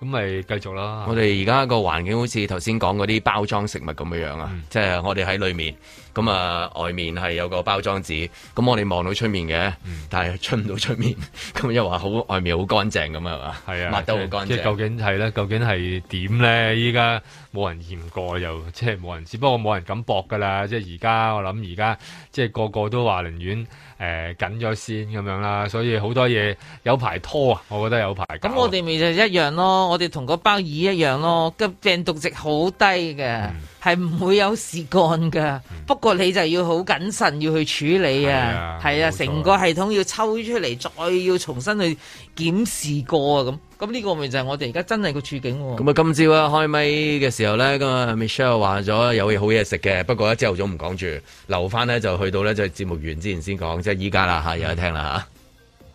咁咪繼續啦。我哋而家個環境好似頭先講嗰啲包裝食物咁嘅樣啊，嗯、即係我哋喺裏面，咁啊外面係有個包裝紙，咁我哋望到出面嘅，但係出唔到出面，咁又話好外面好乾淨咁啊嘛，係啊，抹得好乾淨，即係究竟係咧？究竟係點咧？依家？冇人驗過又即係冇人，只不過冇人敢搏㗎啦！即係而家我諗，而家即係個個都話寧願。誒、呃、緊咗先咁樣啦，所以好多嘢有排拖啊，我覺得有排。咁我哋咪就一樣咯，我哋同個包耳一樣咯，個病毒值好低嘅，係唔、嗯、會有事幹嘅。嗯、不過你就要好謹慎要去處理啊，係啊，成、啊啊、個系統要抽出嚟，啊、再要重新去檢視過啊，咁咁呢個咪就係我哋而家真係個處境喎。咁啊，今朝啊開咪嘅時候咧，咁啊 Michelle 話咗有嘢好嘢食嘅，不過一朝頭早唔講住，留翻呢就去到呢，就節目完之前先講。依家啦嚇，又聽啦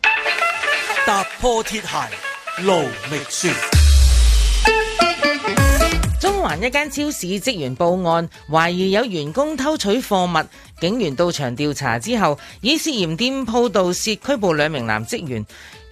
嚇。踏破鐵鞋無覓處。中環一間超市職員報案，懷疑有員工偷取貨物，警員到場調查之後，以涉嫌店鋪盜竊拘捕兩名男職員。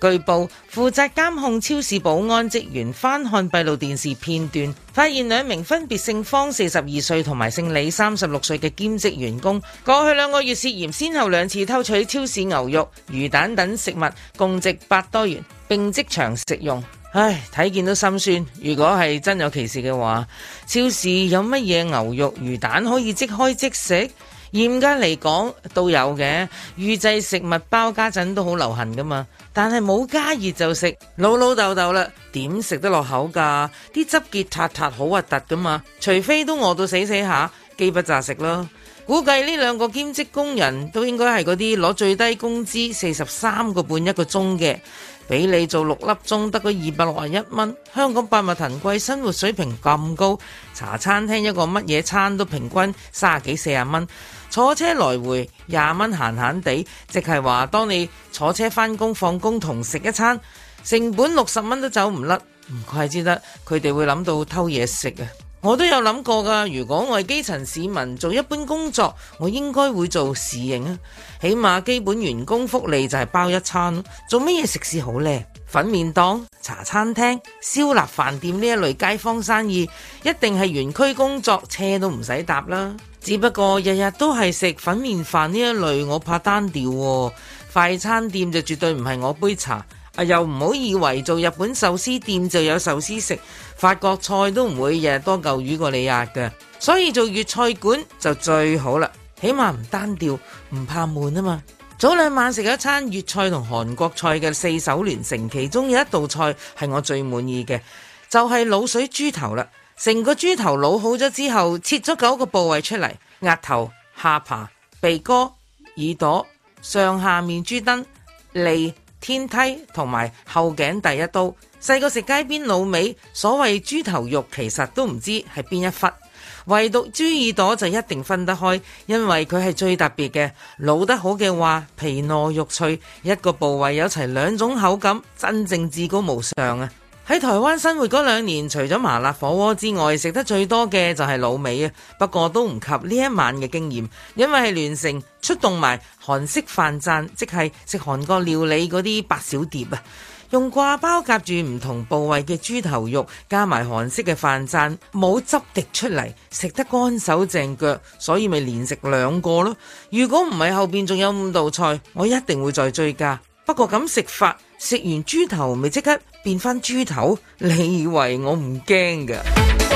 據報，負責監控超市保安職員翻看閉路電視片段，發現兩名分別姓方四十二歲同埋姓李三十六歲嘅兼職員工，過去兩個月涉嫌先後兩次偷取超市牛肉、魚蛋等食物，共值百多元，並即場食用。唉，睇見都心酸。如果係真有其事嘅話，超市有乜嘢牛肉、魚蛋可以即開即食？嚴格嚟講都有嘅，預製食物包家陣都好流行噶嘛。但係冇加熱就食，老老豆豆啦，點食得落口㗎？啲汁結塔塔好核突噶嘛。除非都餓到死死下，饑不擇食咯。估計呢兩個兼職工人都應該係嗰啲攞最低工資四十三個半一個鐘嘅，俾你做六粒鐘得嗰二百六十一蚊。香港百物騰貴，生活水平咁高，茶餐廳一個乜嘢餐都平均三十幾四十蚊，坐車來回廿蚊閒閒閒地，即係話當你坐車返工放工同食一餐，成本六十蚊都走唔甩，唔怪之得佢哋會諗到偷嘢食啊！我都有諗過噶，如果我係基層市民做一般工作，我應該會做侍應啊，起碼基本員工福利就係包一餐，做咩嘢食肆好呢？粉麵檔、茶餐廳、燒臘飯店呢一類街坊生意，一定係園區工作，車都唔使搭啦。只不過日日都係食粉麵飯呢一類，我怕單調喎。啊，快餐店就絕對唔係我杯茶，啊又唔好以為做日本壽司店就有壽司食。法國菜都唔會日多舊魚過你壓嘅，所以做粵菜館就最好啦，起碼唔單調，唔怕悶啊嘛。早兩晚食咗一餐粵菜同韓國菜嘅四手聯成，其中有一道菜係我最滿意嘅，就係、是、滷水豬頭啦。成個豬頭滷好咗之後，切咗九個部位出嚟，額頭、下巴、鼻哥、耳朵、上下面豬燈、脷、天梯同埋後頸第一刀。細個食街邊滷味，所謂豬頭肉其實都唔知係邊一忽，唯獨豬耳朵就一定分得開，因為佢係最特別嘅。滷得好嘅話，皮糯肉脆，一個部位有齊兩種口感，真正至高無上啊！喺台灣生活嗰兩年，除咗麻辣火鍋之外，食得最多嘅就係滷味啊。不過都唔及呢一晚嘅經驗，因為係聯城出動埋韓式飯饌，即係食韓國料理嗰啲白小碟啊！用掛包夾住唔同部位嘅豬頭肉，加埋韓式嘅飯糰，冇汁滴出嚟，食得乾手淨腳，所以咪連食兩個咯。如果唔係後邊仲有五道菜，我一定會再追加。不過咁食法，食完豬頭咪即刻變翻豬頭，你以為我唔驚噶？